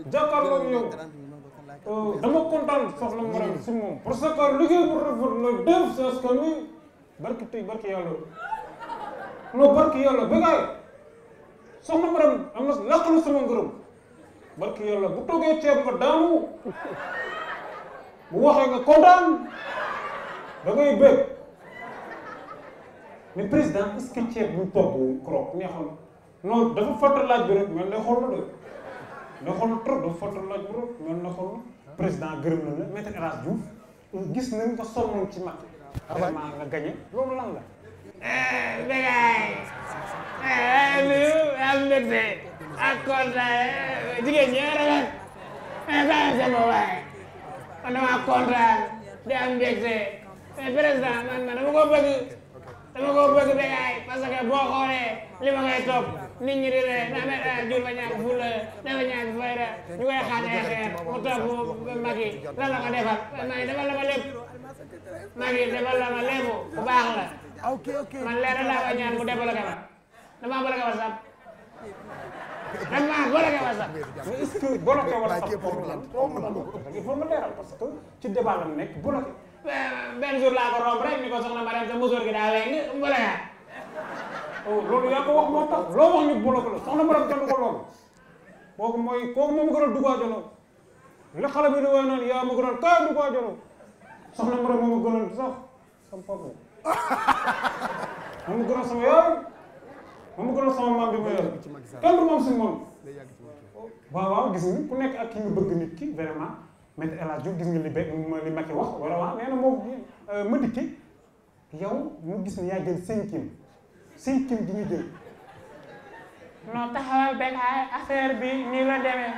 jàkkaarloog yow dama kontaan soxna Maram si moom parce que liggéey bu rafet la def si askan wi barki tey barki yàlla non barki yàlla bégaay soxna Maram am na làq na sama ngërëm barki yàlla bu toggee ceeb nga daanu bu waxee da ngay bëgg mais président est que ceeb bu togg croque neexoon non dafa fottal laaj bi rek mel na xool la de na dafa fottal laaj bi rek mel na xool président gërëm na la maître El Hadj gis nañ nga sonnoon ci ah loolu eh, dama eh, kontaan eh, di am mbégte mais président man man dama ko bëgg ko bëgg béyaay parce que boo li ma ngay topp nit ñi na amee daal eh, jur ba ñàkk ful eh, eh, dafa ma lépp ma lépp bu laa ko ñaan mu defal la ka ma damaa WhatsApp man maa bloqué WhatsApp. Eh, benn jour laa ko romb rek ni ko soxna Mariam sa musóor gi daa leng mbala yaa oh, loolu yaa ko wax moo tax loolu moom gën a dugaa jono la xale bi di yaa ma gënoon kaa dugaa jono soxna Mariam moom ma moom ma gënoon sama yaay maam bi ma kenn du moom si moom waaw waaw gis nga ku nekk ak ki nga bëgg nit ki vraiment Maître El Hadj gis nga li be li Macky wax wala wax nee na moom euh, ma dikki yow ñu gis ne yaa jël cinquième cinquième di ñu jël. non taxawal benn affaire bi nii la demee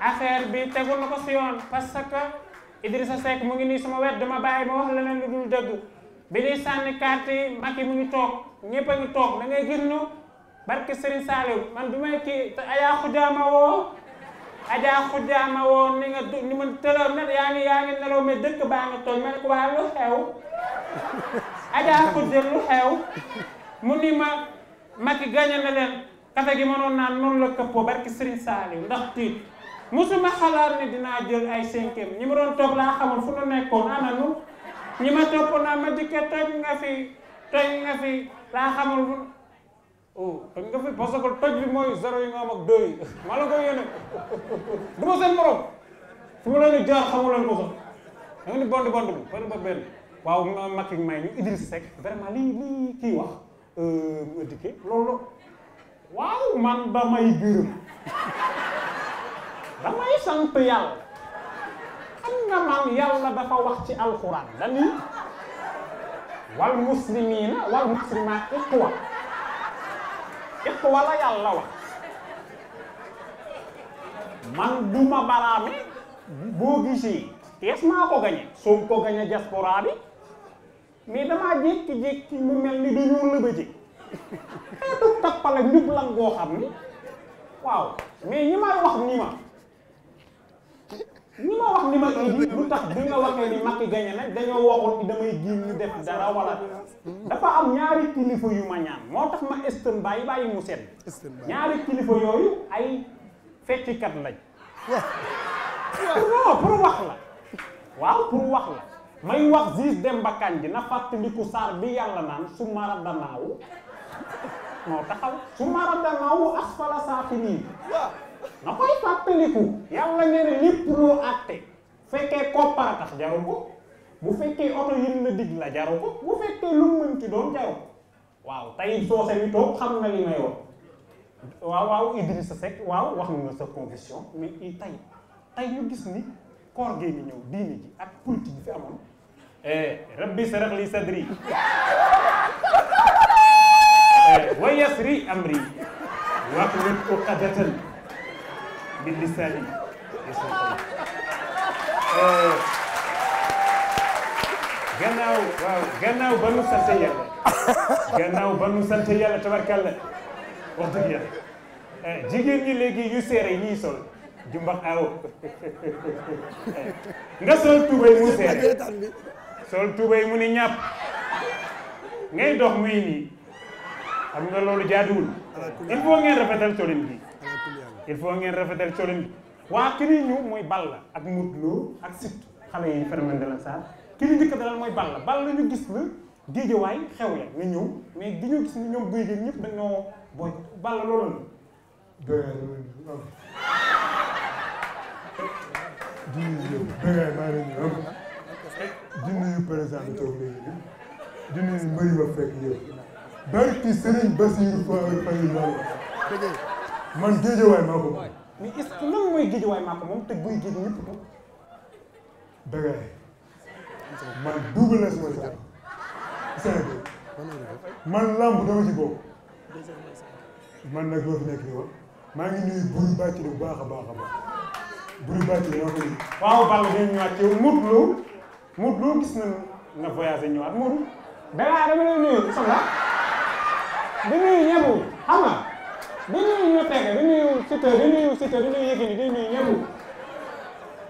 affaire bi tegul na ko si yoon parce que Idrissa Seck mu ngi nii sama wet dama bàyyi ma wax leneen lu dul dëgg bi ñuy sànni carte yi mu ngi toog ñëpp ngi toog da gis ñu barke Serigne Saliou man bi may kii te ayaa xujaama woo. Adja Khoudia woon ni nga du ni ma tëral nelaw mais dëkk baa nga tooñ ma ne ko waa lu xew Adja Khoudia lu xew mu ni ma Macky gañe na leen kafe gi mënoon naan noonu la këppoo barki Serigne Saliou ndax tiit musuma xalaat ne dinaa jël ay cinquième ñi ma doon toog laa xamul fu nu nekkoon ana nu ñi ma topp naa ma dikkee toj nga fi toj nga fi laa xamul oh toj nga fi parce que toj bi mooy zéro yi nga am ak deux yi maa la koy yéene ma seen morom jaar xamu leen ko sax da nga ni bond bond bi ba benn waaw ma Macky may ñu Idriss Seck vraiment lii lii kii wax dikkee loolu waaw man damay gërëm damay sant yàlla xam nga maam yàlla dafa wax ci alxuraan dañuy wal muslimina wal muslimaat iqwa def yàlla wax man duma baraame boo gisee tees naa ko gañe soog ko gañe diaspora mais damaa jékki-jékki mu mel ni dañoo lëbëje xeetu tappale njublan goo xam ni waaw mais ñi may wax ni ma ñu ma wax ni ma lu tax bi ma waxee ni Macky gagné nag dañoo waxoon damay giim ñu def dara wala dafa am ñaari kilifa yu ma ñaan moo tax ma estën bàyyi bàyyi mu sedd ñaari kilifa yooyu ay feccikat lañ non pour wax la waaw pour wax la may wax Ziz Demba Kandji na fàttaliku saar bi yàlla naan su mara danaawu moo taxaw su mara danaawu asfala saafiliin nga koy fàttaliku yàlla nee na lépp loo àtte fekkee koppar tax jaru ko bu fekkee oto yim la dig la jaru ko bu fekkee lu mën ci doon jaru waaw tey soose mi toog xam na li may wax waaw waaw Idrissa Seck waaw wax na sa confession mais i tey tey ñu gis ni koor gee ni ñëw diini ji ak politique bi fi amoon eh, rabbi sarax li sadri eh, wa yasri amri wax nit ko xadatal باللسان eh, gannaaw waaw gannaaw ba nu sant yàlla gannaaw ba nu sant yàlla tabarkàlla wax dëgg yàlla eh, jigéen ñi léegi yu seere ñuy sol jumbax aw eh, nga sol tubay mu seere sol tubay mu ni ñàpp ngay dox muy nii xam nga loolu jaaduwul il faut ngeen rafetal colin bi il faut ngeen rafetal colin bi waa ki ñuy ñëw mooy Balla ak Modou Lo ak Siteu xale yi phénomène de l'instant ki ñu njëkk dalal mooy Balla Balla ñu gis la géejewaay xew ya nga ñëw mais di ñu gis ni ñoom béy jën ñëpp dañoo booy Balla loolu la. di nuyu béykat maa ngi leen di nuyu présentateur bi ba fekk yow barki Serigne Bassirou Faye man géejewaay maa ko moom. mais est ce que lan mooy maa ko moom te buy géej ñëpp ko. dëgg man double S mooy sax. man lamb dama ci bokk. man nag doo fi nekk nii woon maa ngi nuyu buri bàcc bu baax a baax a baax buri bàcc maa ko nuyu. waaw Balla dinañ ñëwaat yow Modou Lo Modou Lo gis nañu nga voyagé ñëwaat Modou. Bella dama lay nuyu soxna. di nuyu ñëpp xam nga. di nuyu ñu fekk di nuyu Siteu di nuyu Siteu di nuyu Yékini di nuyu ñëpp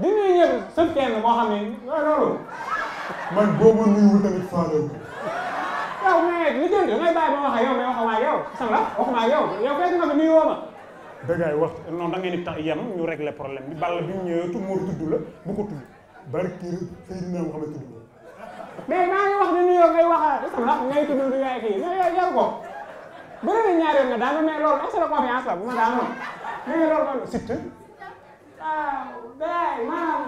di nuyu ñëpp sëf kenn moo xam ne loolu. man boobu nuyuwul tamit faale ko. yow mais li jënd dangay bàyyi ma wax ak yow mais waxuma ak yow sam la waxuma ak yow yow fekk nga fi nuyoo ma. dangay wax non da ngeen di tax yem ñu régler problème bi balla bi mu ñëwee tu moo tudd la bu ko tudd. barkeel Seydina Muhammad tudd la. mais maa ngi wax di nuyoo ngay wax sam la ngay tudd di yaay kii mais yow jar ko. bëri na ñaari yoon nga daan mais loolu est-ce que confiance la bu ma loolu man Siteu ah gars maanaam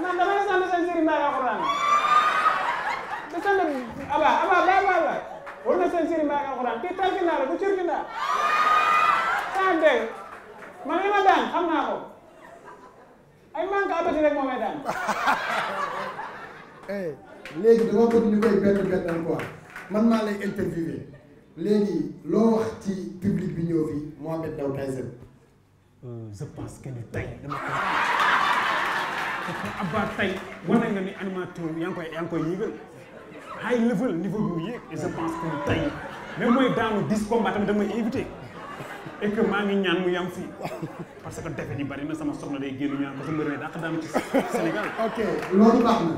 man dama la sant seen sëriñ Mbaye alxuraan da sant Aba Aba Baye Fall la wala na seen sëriñ Mbaye alxuraan kii tànki naa la bu cirki naa saa dégg man li ma daan xam naa ko ay manque abati rek moo may daan eh, léegi dama bëgg ñu koy benn benn quoi man naa lay interviewé léegi loo wax ci public bi ñëw fii Mohamed Ndao Tyson. Euh, je pense que ni tey dama koy. abba tey wane nga ni animateur yaa ngi koy yaa ngi koy yëgal high level niveau bu yéeg je pense que ni tey même mooy daanu dix combats tamit damay que maa ngi ñaan mu yam fii parce que defe ni bari ma sama soxna day génn ñaan ko sama réer dàq daanu ci Sénégal. ok loolu baax na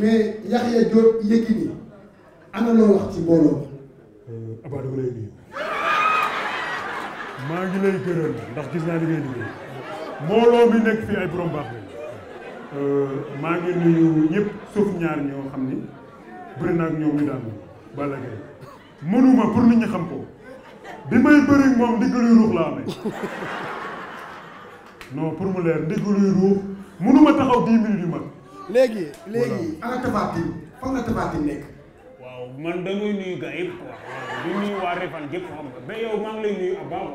mais Yaxya Diop Yékini. ana loo wax ci mbooloo eh, maa ngi lay gërëm ndax gis naa li ngay liggéey mbooloo mi nekk fii ay borom baax lañ eh, maa ngi nuyu ñëpp suuf ñaar ñoo xam ni bëri naa ak ñoom ñu daan Balla Gaye pour nit ñi xam ko bi may bëri moom ndigg luy ruux laa amee non pour mu leer ndigg luy ruux mënuma taxaw dix minutes yu mag léegi léegi ana Tapha Tine fan la Tapha nekk man dangay nuyu gars yëpp waa Réfane yëpp xam nga mais yow xam ni du ma bëre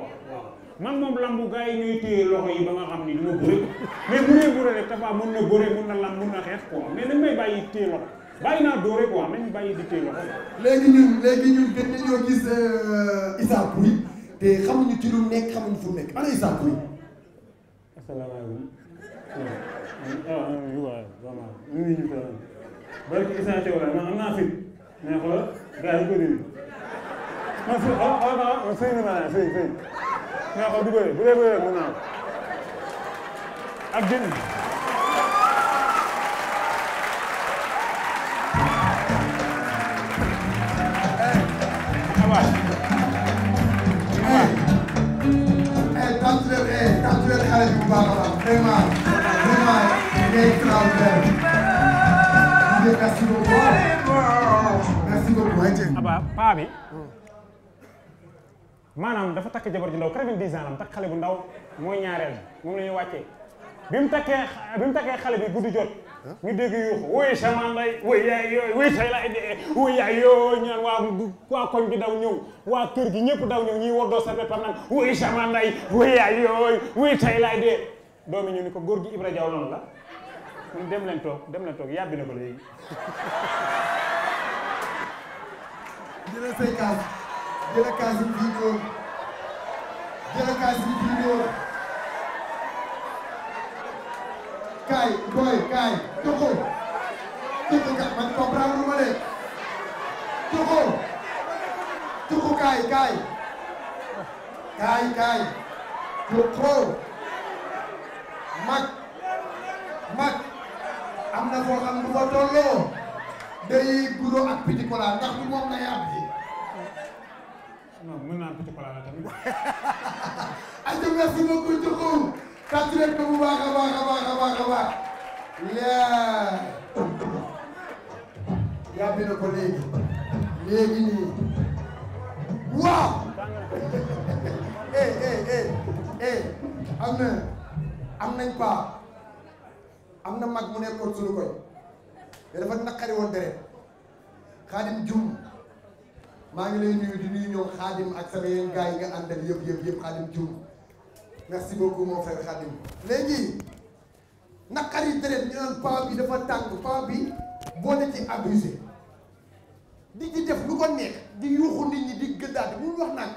mais bu dee bëre rek Tapha mën na bëre mën na lam mën na xeex quoi mais dañ may bàyyi téye loxo bàyyi naa dóore quoi nañ bàyyi di téye loxo. léegi ñun léegi ñun gën nañoo gis euh, Issa Pouye te xamuñu ci lu ah, ah, man am naa fit. mais xoolal gars yi du ko dindi man si xaw xaw ma sëy na maanaam sëy sëy mais xool du bëri bu dee bëri mën naa ko ak jën Vraiment, vraiment, il est extraordinaire. Merci beaucoup. aba paa bi hmm. maanaam dafa takk jabar ju ndaw 90 ans am takk xale bu ndaw mooy ñaareel moom la ñuy wàccee bi mu takkee bi mu takkee xale bi guddi jot ñu dégg yuuxu woy samaan lay woy yaay yooyu woy say de kër gi ñëpp daw ñëw ñuy woddoo sarbe par naan woy samaan lay doomi ñu ni ko góor gi Ibra Jaw loolu la mun dem leen toog dem leen toog yàbbi na ko léegi jëlal say kaas jëlal kaas yi fii dóor kaas yi fii kaay booy kaay toxo toxo kaay man comprendre ma de toxo toxo kaay kaay kaay kaay toxo mag mag am na foo xam bu ko day guro ak petit cola ndax du moom lay am non mën naa petit cola la tamit. ayca merci beaucoup Ndiokhou. tàcc leen ko bu baax a baax a baax a baax a baax. yàbbi na ko léegi. léegi nii. waaw. eh eh eh eh am na am nañ pa am na mag mu nekkoon suñu koy. mais dafa naqari woon deret xaadim jum maa ngi lay nuyu di nuyu ñoom xaadim ak sama yeneen yi nga àndal yëpp yëpp yëpp xaadim jum merci beaucoup mon frère xaadim léegi naqari deret ñu naan paa bi dafa tàng paa bi boo ne ci abusé di ci def lu ko neex di yuuxu nit ñi di gëddaat bu ñu wax nag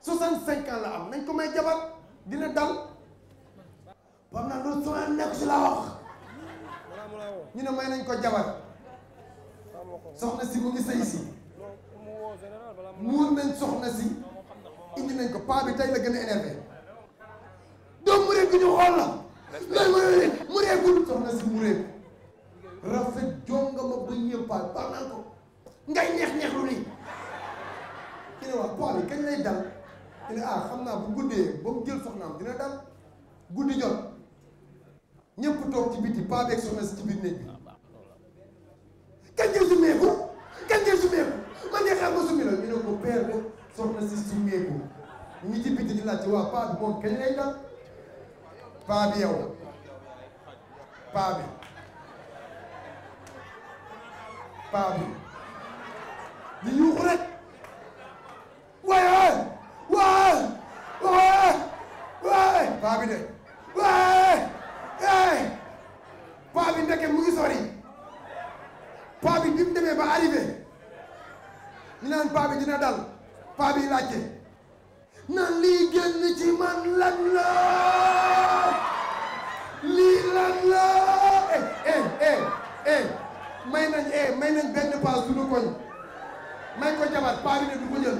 soixante cinq la am nañ ko may jabar dina dal pam naa loolu sama nekk si laa wax ñu ne may nañ ko jabar soxna si mu ngi sëy si muur nañ soxna si indi nañ ko paa bi tey la gën a énervé doom mu réegu ñu xool la looy mënee mu réegul soxna si mu réegu rafet jonga ma ba ñëppaal par naan ko ngay ñeex-ñeex lu nii ki ne wax lay dal ñu ne ah xam naa bu guddee ba mu jël soxnaam dina dal guddi jot ñëpp toog ci biti pas beeg soxna si ci biir néeg bi kañ ngeen sumeeku kañ ngeen sumeeku man ne ko père ba soxna ci biti di laajte waa paa moom kañ lay dal paa bi yow paa bi rek waaye waaye waaye waaye paa bi de waaye eh paa bi ndeke mu ngi sori paa bi ba arrivé ñu naan paa dina dal paa laajte naan lii génn ci man lan la lii lan la eh eh eh, eh. may nañ eh may nañ benn paa suñu koñ may ko jabar paa ne du ko jël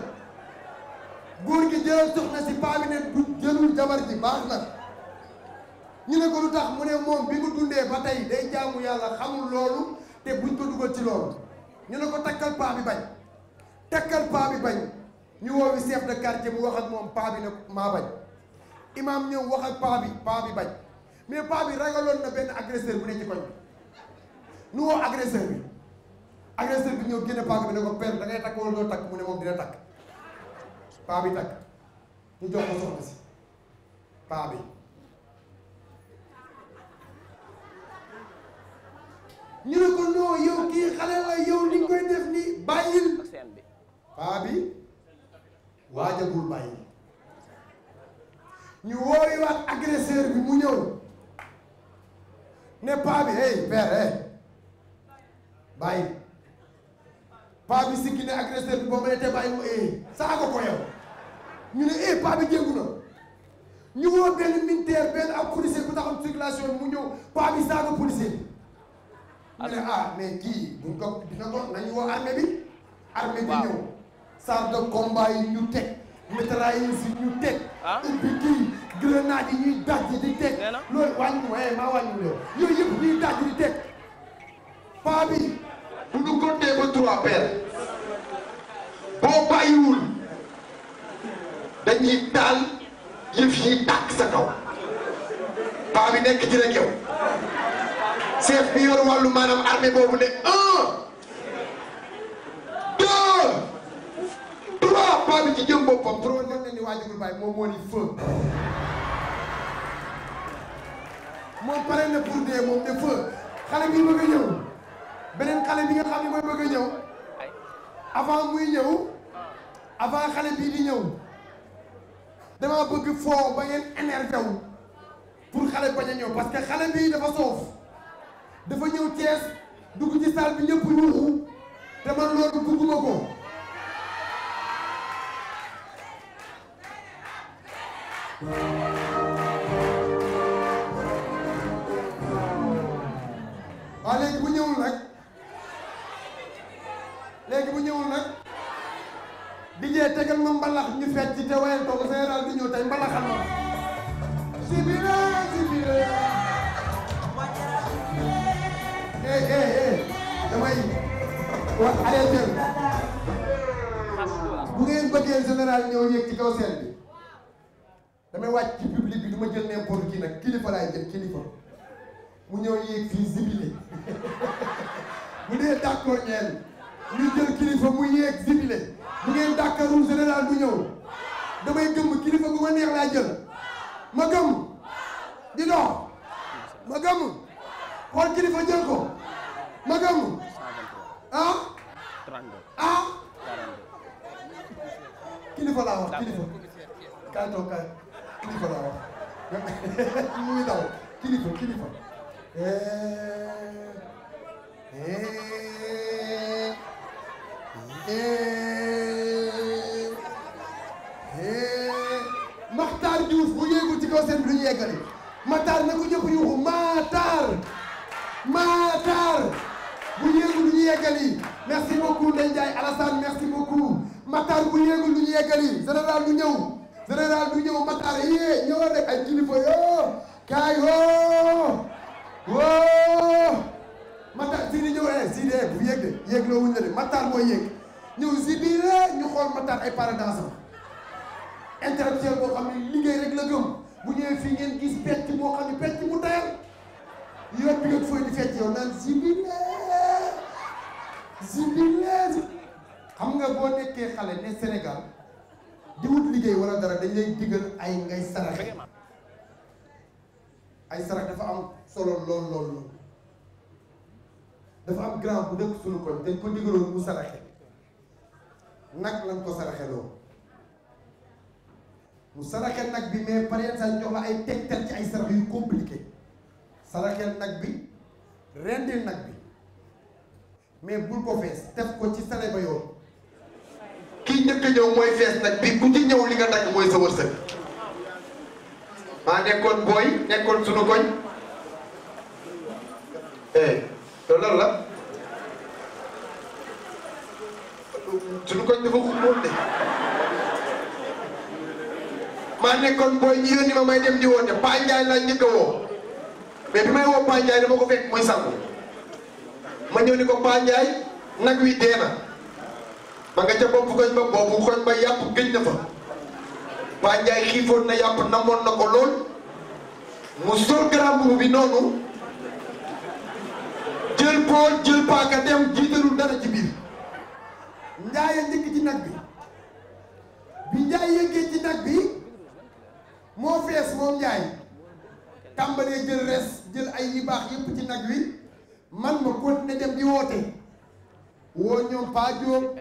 góor gi jëlal si paa ne du jëlul jabar ji baax na. ñu ne ko lu tax mu ne moom bi mu dundee ba tey day jaamu yàlla xamul loolu te buñ ko dugal ci loolu ñu ne ko takkal paa bi bañ takkal paa bi bañ ñu woowi chef de quartier mu wax ak moom paa bi ne maa bañ imaam ñëw wax ak paa bi paa bi bañ mais paa bi ragaloon na benn agresseur bu ne ci koñ bi nu woo agresseur bi agresseur bi ñëw génne paa bi ne ko père da ngay takk wala doo takk mu ne moom dina takk paa bi takk ñu jox ko soxna si paa bi ñu ne ko non yow kii xale la yow li koy def nii bàyyil paa bi waajagul bàyyi mu ñëw ne paa bi hey père hey bàyyi paa bi sikki ma netee bàyyi mu eh saaga ko yow ñu ne eh paa bi jéngu na ñu woo benn militaire benn ab policier bu mu ñëw paa bi saaga policier bi mu ne ah kii buñ ko dina woo armée bi armée bi ñëw chars de ñu teg mitrailleuses yi ñu teg ah. ubbi kii grenade ñuy daj di teg loolu wàññi waaye maa wàññi loolu yooyu yëpp ñuy daj di teg paa bu ñu compter ba trois paires boo dañuy taal yëf yi tàkk sa kaw paa bi rek yow chef bi yor wàllu maanaam armée boobu ne un deux trois pas bi ci jëm boppam trop nen na ni waajurul bàyyi moom moo ni feu moom pare na pour dee moom ne feu xale bi bëgg a ñëw beneen xale bi nga xam ne mooy bëgg a ñëw avant muy ñëw avant xale bii di ñëw dama bëgg foo ba ngeen énervé wu pour xale bañ a ñëw parce que xale bii dafa soof dafa ñëw Thiès dugg ci salle bi ñëpp yuuxu te man loolu bugguma ko. waaw léegi bu ñëwul nag léegi bu ñëwul nag dijee tegal ma mbalax ñu fecc te wayal ko ko général bi ñëw tey mbalaxal ma sibira sibira eh damay wax arrêté bu ngeen bëggee général ñëw yéeg ci kaw seen bi damay wàcc ci public bi du ma jël n'importe qui nag kilifa laay jël kilifa mu ñëw yéeg fii zibilé bu dee d'accord ñeen ñu jël mu yéeg damay gëm kilifa bu ma neex laa jël ma di dox ma gëm kilifa jël ko ma gëm ah. ah? kilifa laa wax kilifa. kaay toog kilifa laa wax muy daw kilifa kilifa. Eh, eh, eh, Maxtaar Diouf bu yéegul ci kaw seen bi du ñu yeggali Maxtaar na ko ñëpp yuuxu Maxtaar Maxtaar bu yéegul du ñu yeggali merci beaucoup Ndeye Ndiaye Alassane merci beaucoup Matar bu yéegul du yeggali général du ñëw général du ñëw Matar yee ñëwal rek ay kilifa yoo kaay woo woo Matar Sidi ñëw eh Sidi eh, bu yéeg de yéeg loo wuñ de Matar mooy yéeg ñëw Sibiré eh, ñu xool Matar ay paradasam intellectuel boo xam ne liggéey rek la gëm bu ñëwee fii ngeen gis pecc moo xam ne pecc mu tayal. yow bi nga fooy di fecc yow naan zimbile zimbile xam nga boo nekkee xale ne Sénégal di wut liggéey wala dara dañ lay digal ay ngay saraxe ay sarax dafa am solo lool lool dafa am grand bu dëkk suñu dañ ko digaloon mu saraxe nag lañ ko saraxe loolu mu saraxe nag bi mais pare sax jox la ay tegtal ci ay sarax yu compliqué saraxeel nag bi rendil nag bi mais bul ko fees def ko ci sale ba yoon kii njëkk a ñëw mooy fees nag bi ku ci ñëw li nga dagg mooy sa wërsëg maa nekkoon booy nekkoon eh, la sunu maa nekkoon booy ñu yónni ma may dem di woote Paa Njaay laa njëkk woo mais bi may woo Paa dama ko fekk mooy sangu ma ñëw ni ko Paa nag wi dee na ba nga ca bopp koñ ba boobu koñ ba yàpp gëj na fa Paa xiifoon na yàpp namoon na ko lool mu sol grand mbubb bi noonu jël pool jël paaka dem jiitalul dara ci biir Ndiaye njëkk ci nag bi bi Ndiaye yëggee ci nag bi moo fees moom Ndiaye. tàmbalee jël res jël ay yu baax yëpp ci nag wi man ma continuer dem di woote woo ñoom Pa Diop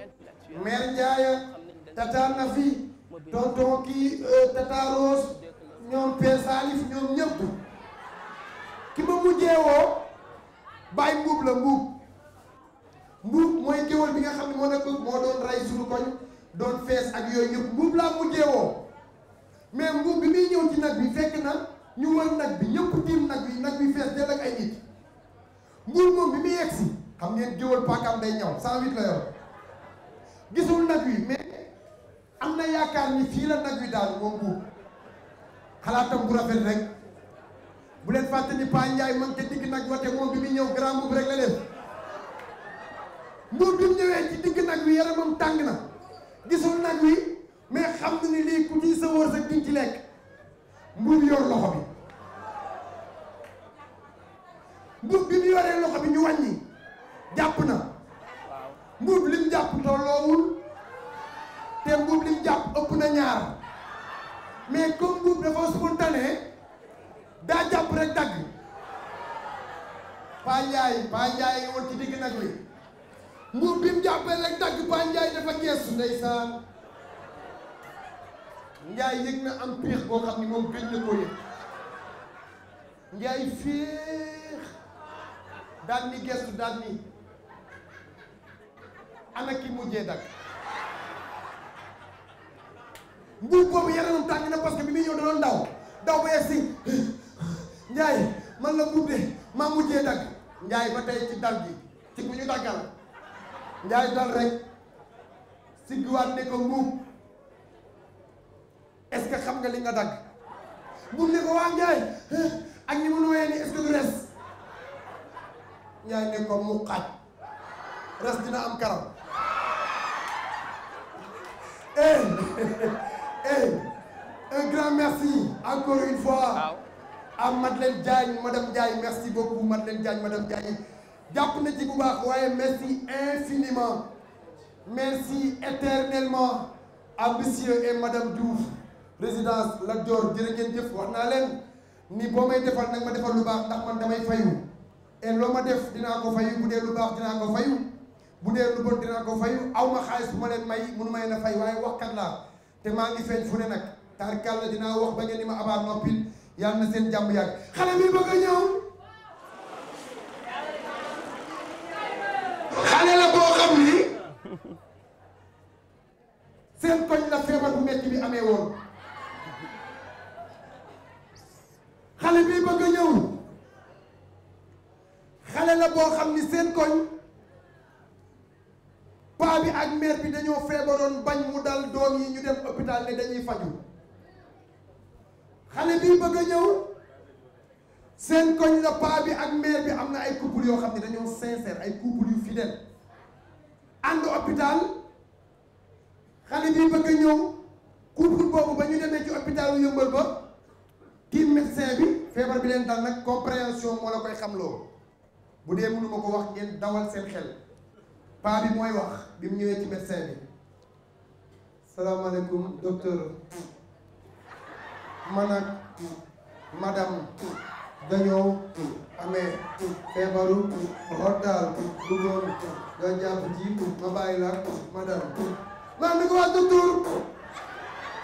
maire Ndiaye tata Nafi tonton kii euh, tata Rose ñoom Père Salif ñoom ñëpp ki ma mujjee woo bàyyi mbuub la mbuub mbuub mooy géwal bi nga xam ne moo nekk moo doon rey suñu koñ doon fees ak yooyu yëpp mbuub laa mujjee woo mais mbuub bi muy ñëw ci nag bi fekk na. ñu wër nag bi ñëpp tiim nag bi nag bi fees dell ak ay nit mbuur moom bi mu yegg si xam ngeen géwal paakaam day ñaw 108 la yor gisul nag wi mais am na yaakaar ni fii la nag bi daal moom buur xalaatam bu rafet rek bu leen fàtte ni Pa Njaay man te digg nag wate moom bi muy ñëw grand boobu rek la def mbuur bi mu ñëwee ci digg nag wi yaramam tàng na gisul nag wi mais xam na ni lii ku di sa wërsëg diñ ci lekk mbuum yor loxo bi bi mu yoree loxo ñu wàññi jàpp na mbuum lim jàpp tolloowul te mbuum lim jàpp ëpp na ñaar mais comme mbuum dafa spontané daa jàpp rek dagg Paa Njaay Paa Njaay woon ci digg nag wi mbuum bi mu jàppee rek dagg Paa Njaay dafa geesu ndeysaan Ndiaye yëg na am piix boo xam ni moom gëj na koo yëg Ndiaye féex daan ni gestu daan ni ana ki mujjee dagg mbuub boobu yaramam tàng na parce que bi muy ñëw da doon daw daw ba yegg si Ndiaye man la mbuub maa mujjee dagg Ndiaye ba tey ci dal gi ci bu ñu daggal Ndiaye dal rek siggiwaat ne ko mbuub est-ce que xam nga li nga dagg bu ne waa Njaay eh, ak ñi mun wooyee ni est-ce que du res Njaay ne ko mu xaaj res dina am karam eh eh un grand merci encore une fois à Madeleine Diagne madame Diagne merci beaucoup Madeleine Diagne madame Diagne jàpp na ci bu waaye merci infiniment merci éternellement à monsieur et madame Diouf résidence la Dior jërë ngeen jëf wax naa leen ni boo may defal nag ma defal lu baax ndax man damay fayu et loo ma def dinaa ko fayu bu dee lu baax dinaa ko fayu bu dee lu bon dinaa ko fayu aw ma xaalis bu ma leen may munu ma leen a fay waaye waxkat laa te maa ngi feeñ fu ne nag tarkalla dinaa wax ba ngeen ni ma abaa noppil yàlla na seen jàmm yàgg xale mi bëgg a ñëw xale la boo xam ni seen koñ la feebar bu metti bi amee woon xale bi bëgg a ñëw xale la boo xam ni seen koñ paa bi ak mère bi dañoo feebaroon bañ mu dal doom yi ñu dem hôpital ne dañuy faju xale bi bëgg a ñëw seen koñ la paa bi ak mère bi am na ay couple yoo xam ne dañoo sincère ay couple yu fidèle ànd hôpital xale bi bëgg a ñëw couple boobu ba ñu demee ci hôpital yu yëmbal ba kii médecin bi feebar bi leen dal nag compréhension moo la koy xamloo bu dee mënu ma ko wax ngeen dawal seen xel paa bi mooy wax bi mu ñëwee ci médecin bi salaamaaleykum docteur man ak madame dañoo amee feebaru xoddaal bëggoon nga jàpp ma bàyyi la madame maa ni ko waa docteur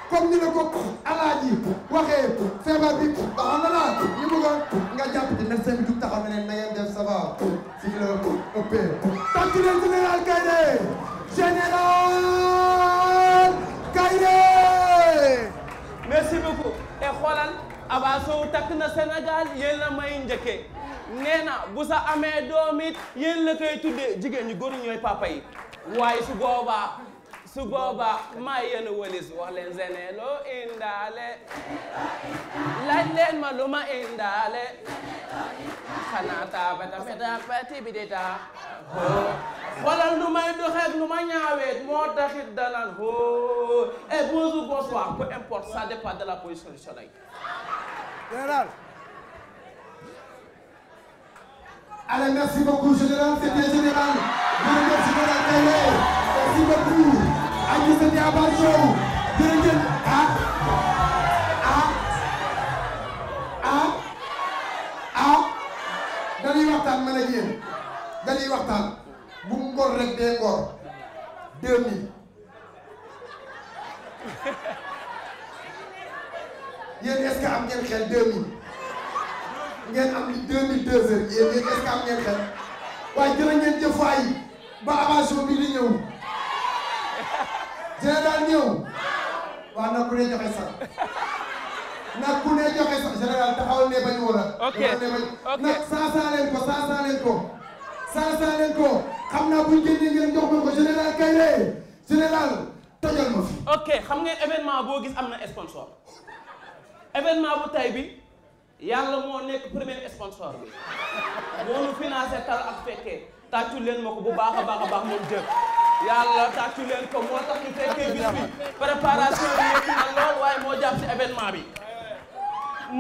comme ni la ko alaaji waxee feebar bi baax na laa ñu bëggoon nga jàpp te médecin bi jug ne leen na ngeen def ça va si la ëppee tàcc leen général Kayde général Kayde merci beaucoup et xoolal Aba Sow takk na Sénégal yéen la may njëkkee nee na sa amee doom it yéen la koy tuddee jigéen ñi góor ñooy papa yi waaye su boobaa maa yéen a wëlis wax leen zene loo indaale laaj leen ma lu ma indaale xanaa taaba tafe taaba tibi de taa xoolal nu may doxeek nu ma ñaaweet moo taxit dalan hoo et eh, bonjour bonsoir peu importe ça dépend de la position du soleil général allez merci beaucoup général c'était général merci beaucoup ak li seen yaakaar soowu jërëjëf ah ah dañuy waxtaan man ak yéen waxtaan bu ngor rek dee ngor deux mille yéen est am ngeen xel deux mille ngeen am li deux mille deux heures yéen am ngeen xel waaye jërë ngeen jëf ba avancement bi di ñëw. dina daan ñëw waaw na ku ne joxe sax na ne joxe sax général taxawal ne bañ wala ok ok nag saasaa leen ko saasaa leen xam naa buñ génnee ngeen jox ma ko général Kairé général ma fi xam ngeen événement boo gis am na sponsor événement bu tay bi yàlla moo nekk premier sponsor bi moo ñu financé tal tàccu leen ma bu baax a baax a baax moom jël yàlla tàccu ko moo tax ñu fekkee bis bi préparation bi yëpp na lool waaye moo jàpp si événement bi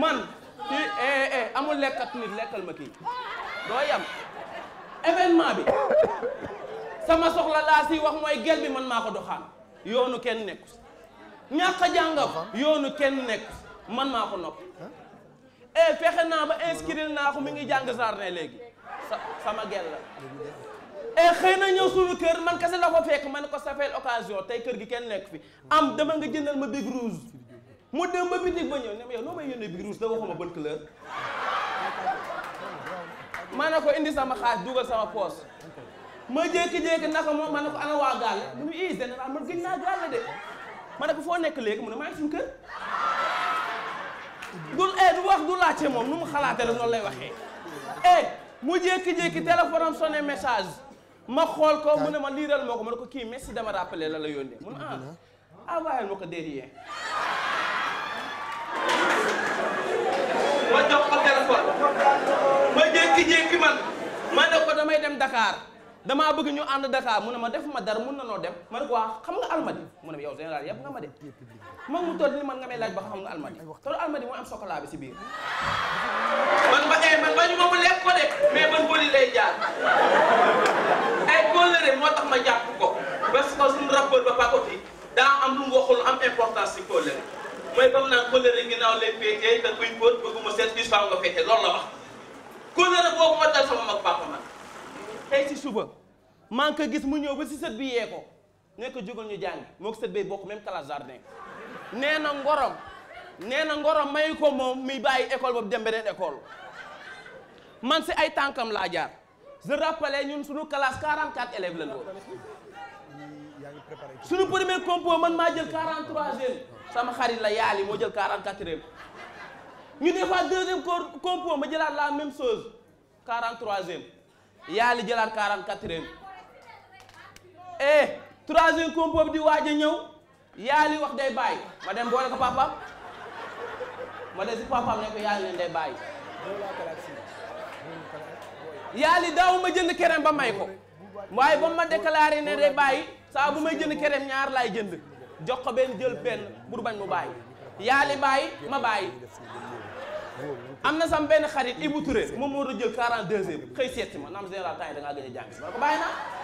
man ci eh, eh, eh amul lekkat nit lekkal ma kii doo yam événement bi sama soxla laa si wax mooy gel bi man maa ko doxaan yoonu kenn nekku si ñàkk a jàngam yoonu kenn nekku si man maa ko nopp eh fexe naa ba inscrire naa ko mi ngi jàng sarne léegi sama gel la et eh, xëy na ñëw suñu kër man kese la ko fekk man ko safeel occasion tey kër gi kenn nekk fi am dama nga jëndal ma big rouge mu dem ba bitig ba ñëw ne ma yow noo ma ne ko indi sama xaaj dugal sama poos ma jékki-jékki naka moom ma ne ko ana waa gàlle mu nu i eh, général man gëj naa gàlle de ma ne ko foo nekk léegi mu ne maa ngi suñu kër du eh du wax du laajte moom nu mu xalaate noonu lay waxee eh, mu jékki-jékki téléphone am sonné message ma xool ko mu ne ma liiral moo ko ma ne ko kii Messi dama rappelé la la yónnee mu ne ah, ah envoyé ko derrière ma jox ko téléphone ma jékki-jékki man ma ko damay dem dakaar damaa bëgg ñu ànd Dakar mu ne ma def ma dara mun na noo dem ma ne ko waa xam nga almadi mu ne ma yow général yëpp nga ma de man mu toll ni man nga may laaj ba xam nga almadi te almadi mooy am chocolat bi si biir man ba ay eh, man ba ñu ma mu lekk ko de mais man boli lay jaar ay kóllëre moo tax ma jàpp ko parce que suñu rapport ba pakoti daa am lu mu waxul am importance si kóllëre mooy comme naan kóllëre ginnaaw lay féetee te kuy póot bëgguma seet bis faa nga féete loolu la wax kóllëre boobu moo dal sama mag papa man tey si suba maa ngi ko gis mu ñëw ba si sët bi yee ko nekk jógal ñu jàng moo ko sët bay bokk même classe jardin nee na ngorom nee na ngorom may ko moom mi bàyyi école boobu dem beneen man si ay tànkam laa jaar je rappelais ñun suñu classe 44 élèves lañ woon suñu premier compo man maa jël 43e sama xarit la yaali moo jël 44e ñu defaat deuxième compo ma jëlaat la même chose 43e yaali jëlaat 44e eh troisième compo di waaj a ñëw yaali wax day bàyyi ma dem boole ko papaam ma dem si papaam ne ko yaali leen day bàyyi yaali daaw jënd kerem ba may ko waaye ba ma déclaré ne day bàyyi saabu bu may jënd kerem ñaar laay jënd jox ko benn jël benn pour bañ mu bàyyi yaali bàyyi ma baay am na sam benn xarit Ibou Touré moom moo doon jël 42 heures xëy seet si ma naam général temps yi da ngaa gën a jàng si ma ko bàyyi naa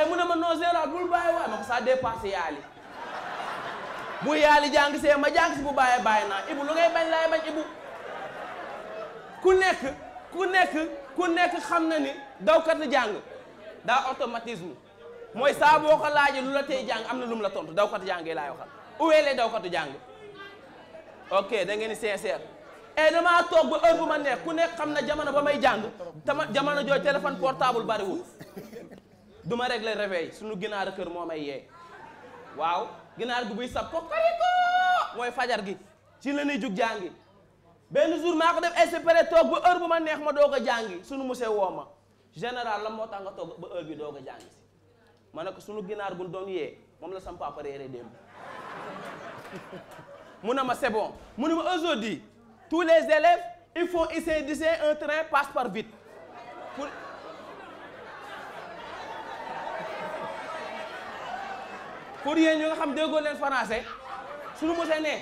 e mu ne ma non général bul bàyyi waaye ma ko ça dépassé yaali bu yaali jàng see ma jàng si bu bàyyee bàyyi naa ibu lu ngay bañ laay bañ ibu ku nekk ku nekk ku nekk xam na ni dawkat jàng daa automatisme mooy saa boo ko laajee lu la tey jàng am na lu la tontu dawkat jàng yi laay waxal uwee lay dawkat jàng ok da ngeen ni sincère et eh, damaa toog ba heure bu ma neex ku nekk xam na jamono ba may jàng tama jamono jooju téléphone portable bariwul du ma régler réveil suñu ginaar kër moo yee waaw ginaar gi buy sab kokoriko mooy fajar gi ci la ñuy jug jàngi benn jour maa ko def espéré toog ba heure bu ma neex ma doog a jàngi sunu monsieur woo ma général la moo tax nga toog ba heure bi doog a jàngi si ma ne ko suñu ginaar bu doon yee moom la sam papa réere démb mu ne ma c'est mu ne ma aujourd'hui tous les élèves il faut essayer d'essayer un train passe par vite pour yéen ñi nga xam déggoo leen su français suñu mosee ne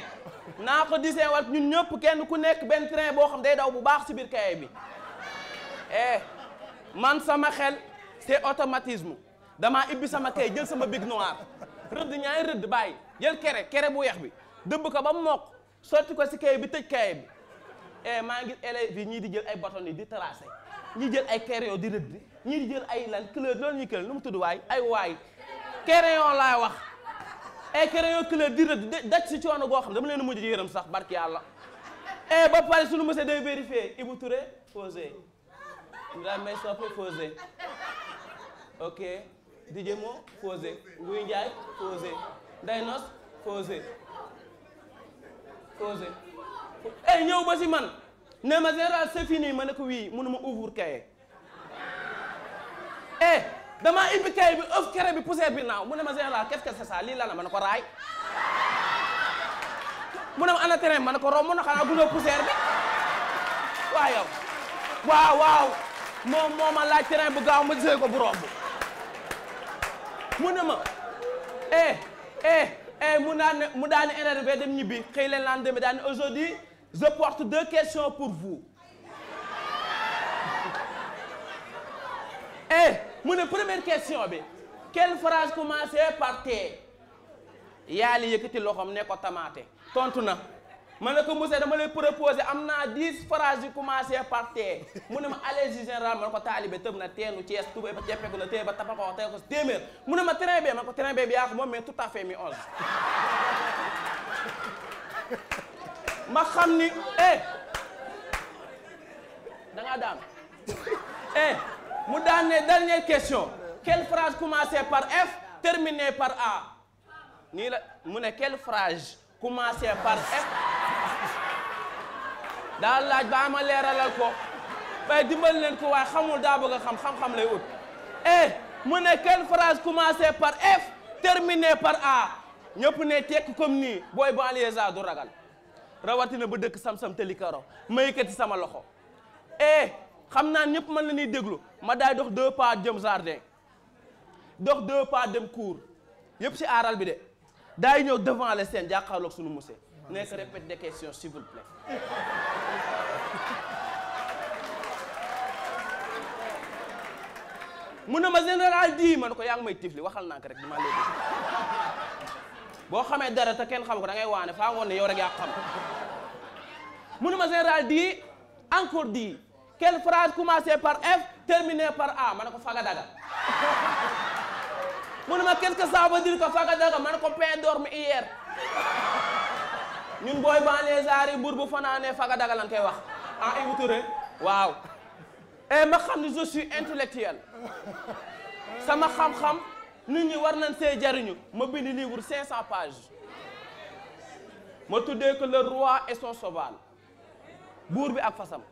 naa ko disee wat ñun ñëpp kenn ku nekk benn train boo xam day daw bu baax si biir kaye bi eh man sama xel c'est automatisme damaa ibbi sama kay jël sama bic noir rëdd ñaari rëdd bàyyi jël kere kere bu weex bi dëbb ko ba mu mokk sotti ko si kaye bi tëj kaye bi eh maa ngi élèves yi ñii di jël ay bâton di tracé ñii jël ay crayon di rëdd ñii di jël ay lan couleur loolu ñuy kël nu mu tudd waay ay waay crayon laay wax ay crayon couleur di rëdd daj si coono goo xam dama leen mujj yërëm sax barki yàlla e ba pare suñu monsieur day vérifier Ibou Touré posé nda may soppe posé ok DJ Mo posé Guy Ndiaye posé Nday Nos posé posé ey eh, ñëw ba si man ne ma général c'est fini ma ne ko wii mënuma ouvrir cahier eh damaa ibbi kay bi ëf kere bi poussière bi naaw mu ne ma général qu'est-ce que lii la la ma ko raay mu ne ma ana terrain ma ne ko romb na xanaa gunóor poussière bi waaw waaw waaw moom moo ma laaj terrain bu gaaw ma gisee ko bu mu ne ma eh eh eh mu daan ne mu daan ne énervé dem ñibbi xëy leen laan demee daan ne aujourd'hui porte deux questions pour vous eh. mu ne première question bi quelle phrase commencé par T yaali yëkkati loxoom ne ko tamaate tontu na ma ne ko monsieur dama lay proposé am naa dix phrases yu commencé par T mu ne ma allergie générale ma ne ko taalibe tëb na teenu Cees tubay ba jeppeeku na tey ba tapal ko ko téeméer mu ne ma train B ma ne ko train B bi yaa ko moom mais tout à mi onze ma xam ni eh da ngaa daan eh! mu daane ne question quelle phrase commencée par F terminée par A nii la mu ne quelle phrase commencée par F daal laaj ba ama leeralal ko bay dimbal leen ko waaye xamul daa bëgg a xam xam-xam lay ut eh mu ne quelle phrase commencée par F terminée par A ñëpp ne tekk comme nii booy banlieusard du ragal rawatina ba dëkk sam-sam tëli sama loxo eh xam naa ñëpp mën la ñuy déglu ma daay dox deux pas jëm jardin pas dem cour yëpp ci aaral bi de daay ñëw devant les scènes jàkkaarloog suñu monsieur nekk répète des questions s'il vous plaît mun na ma général di man ko yaa ngi may tifli waxal naa ko rek dama léegi boo xamee dara te kenn xam ko da ngay waane faa ngoon ne yow rek yaa xam mun ma général di encore di quelle phrase commencée par F terminée par A ma ne ko fagadaga mu ne ma qu'est-ce que ça veut dire que fagadaga ko pain d'orme hier ñun booy banlieusard yi buur bu fanaanee daga lan koy wax ah Ibou Touré waaw et eh, ma xam ni je intellectuel sama xam-xam nit ñi war nañ see jariñu ma bind livre 500 pages ma tuddee que le roi et son cheval buur bi ak fasam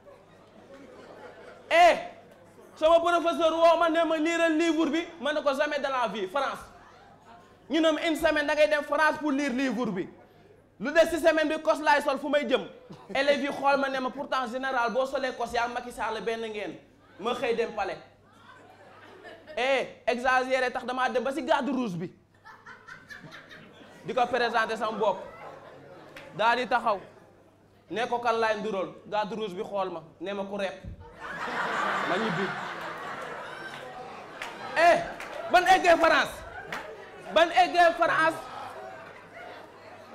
eh sama professeur woo ma ne ma liiral livre bi ma ne ko jamais de la vie France ñu ne ma une semaine da ngay dem France pour lire livre bi lu des si semaine bi kos laay sol fu may jëm élèves yi xool ma ne ma pour pourtant général boo solee kos yaa Macky Sall benn ngeen ma xëy dem palais eh exagéré tax damaa dem ba si garde rouge bi di ko présenté sama bopp daal di taxaw ne ko kal laay ndurool garde rouge bi xool ma ne ma ku rep ma ñibbi eh ban eggee France ban eggee France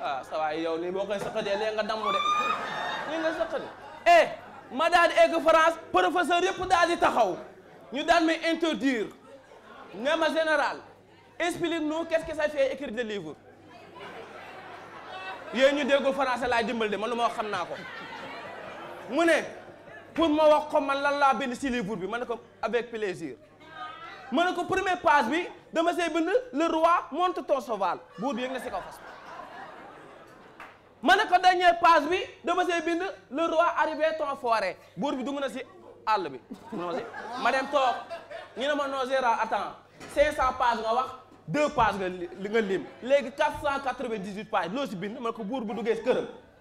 ah sa waay yow nii boo koy sëqatee léegi nga damm de nii nga sëqate eh ma daal egg France professeur yëpp daal di taxaw ñu daan may interdire ne ma général explique-nous qu'est-ce que ça fait écrire des livres yéen ñu déggul français laay dimbal de man lu ma wax naa ko mu ne pour ma wax ko man lan laa bind ci livre bi ma ne ko avec plaisir ma ne ko première page bi dama see bind le roi monte ton cheval buur bi yëg na ci kaw ma ne ko dernière page bi dama see bind le roi arrivé ton forêt buur bi dugg na si àll bi ma dem toog ñu ne ma non Gérard attends 500 pages nga wax deux pages nga li nga lim léegi 498 pages loo ci bind ma ne ko buur bu duggee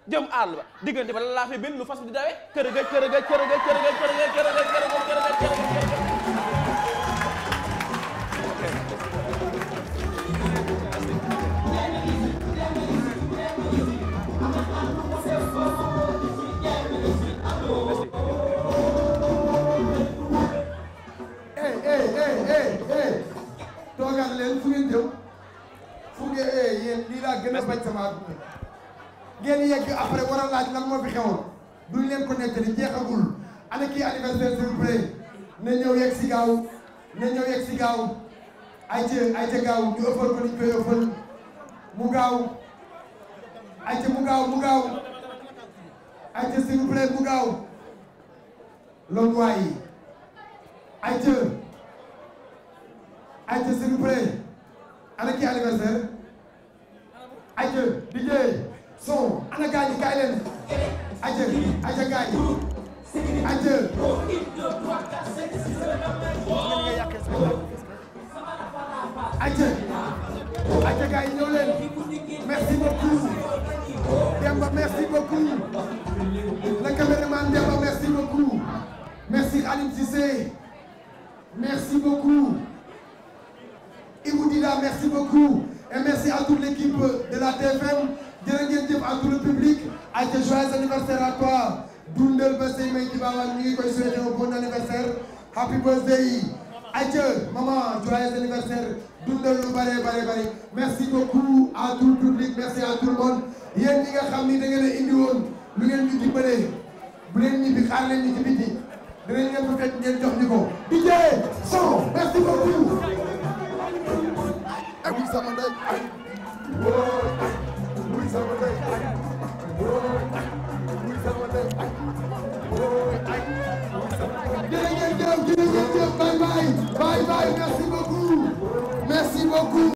jëm àll ba diggante ba la laafee benn lu fas bi di dawe kër ga kër ga kër ga kër ga kër ga kër ga kër ga kër ga kër ga eh, eh, eh, toogaat leen fu ngeen jëm fu ngeen yéen lii laa gën a bañ sama àdduna ngeen yegg après war a laaj lan moo fi xewoon duñ leen ko nettali jeexagul ana kii anniversaire s'il vous plaît na ñëw yegg si gaaw na ñëw yegg si gaaw ayca ayca gaaw ñu ëppal ko liñ koy ëppal mu gaaw ayca mu gaaw mu gaaw ayca s'il vous plaît mu gaaw loolu waay ayca ayca s'il vous plaît ana kii anniversaire ayca di son ana gars yi kaay leen aja aja gars yi aja aja aja gars yi ñëw leen merci beaucoup Demba merci beaucoup le caméraman Demba merci beaucoup merci Alim Cissé merci beaucoup Ibou Dida merci beaucoup et merci à toute l'équipe de la TFM jërë ngeen jëf à tout le public ayca joyeux anniversaire à toi dundal ba say may ci baawaan ñu ngi koy souhaiter un bon anniversaire happy birthday ayca maman joyeux anniversaire dundal lu bare bare bare merci beaucoup à tout public merci à tout le monde yéen ñi nga xam ni da ngeen a indi woon lu ngeen ñu dimbalee bu leen ñu bi xaar leen ñu ci biti dinañ leen ko fekk ngeen jox ñu ko DJ Sow merci beaucoup. jërëjëf bye bye bye bye merci beaucoup merci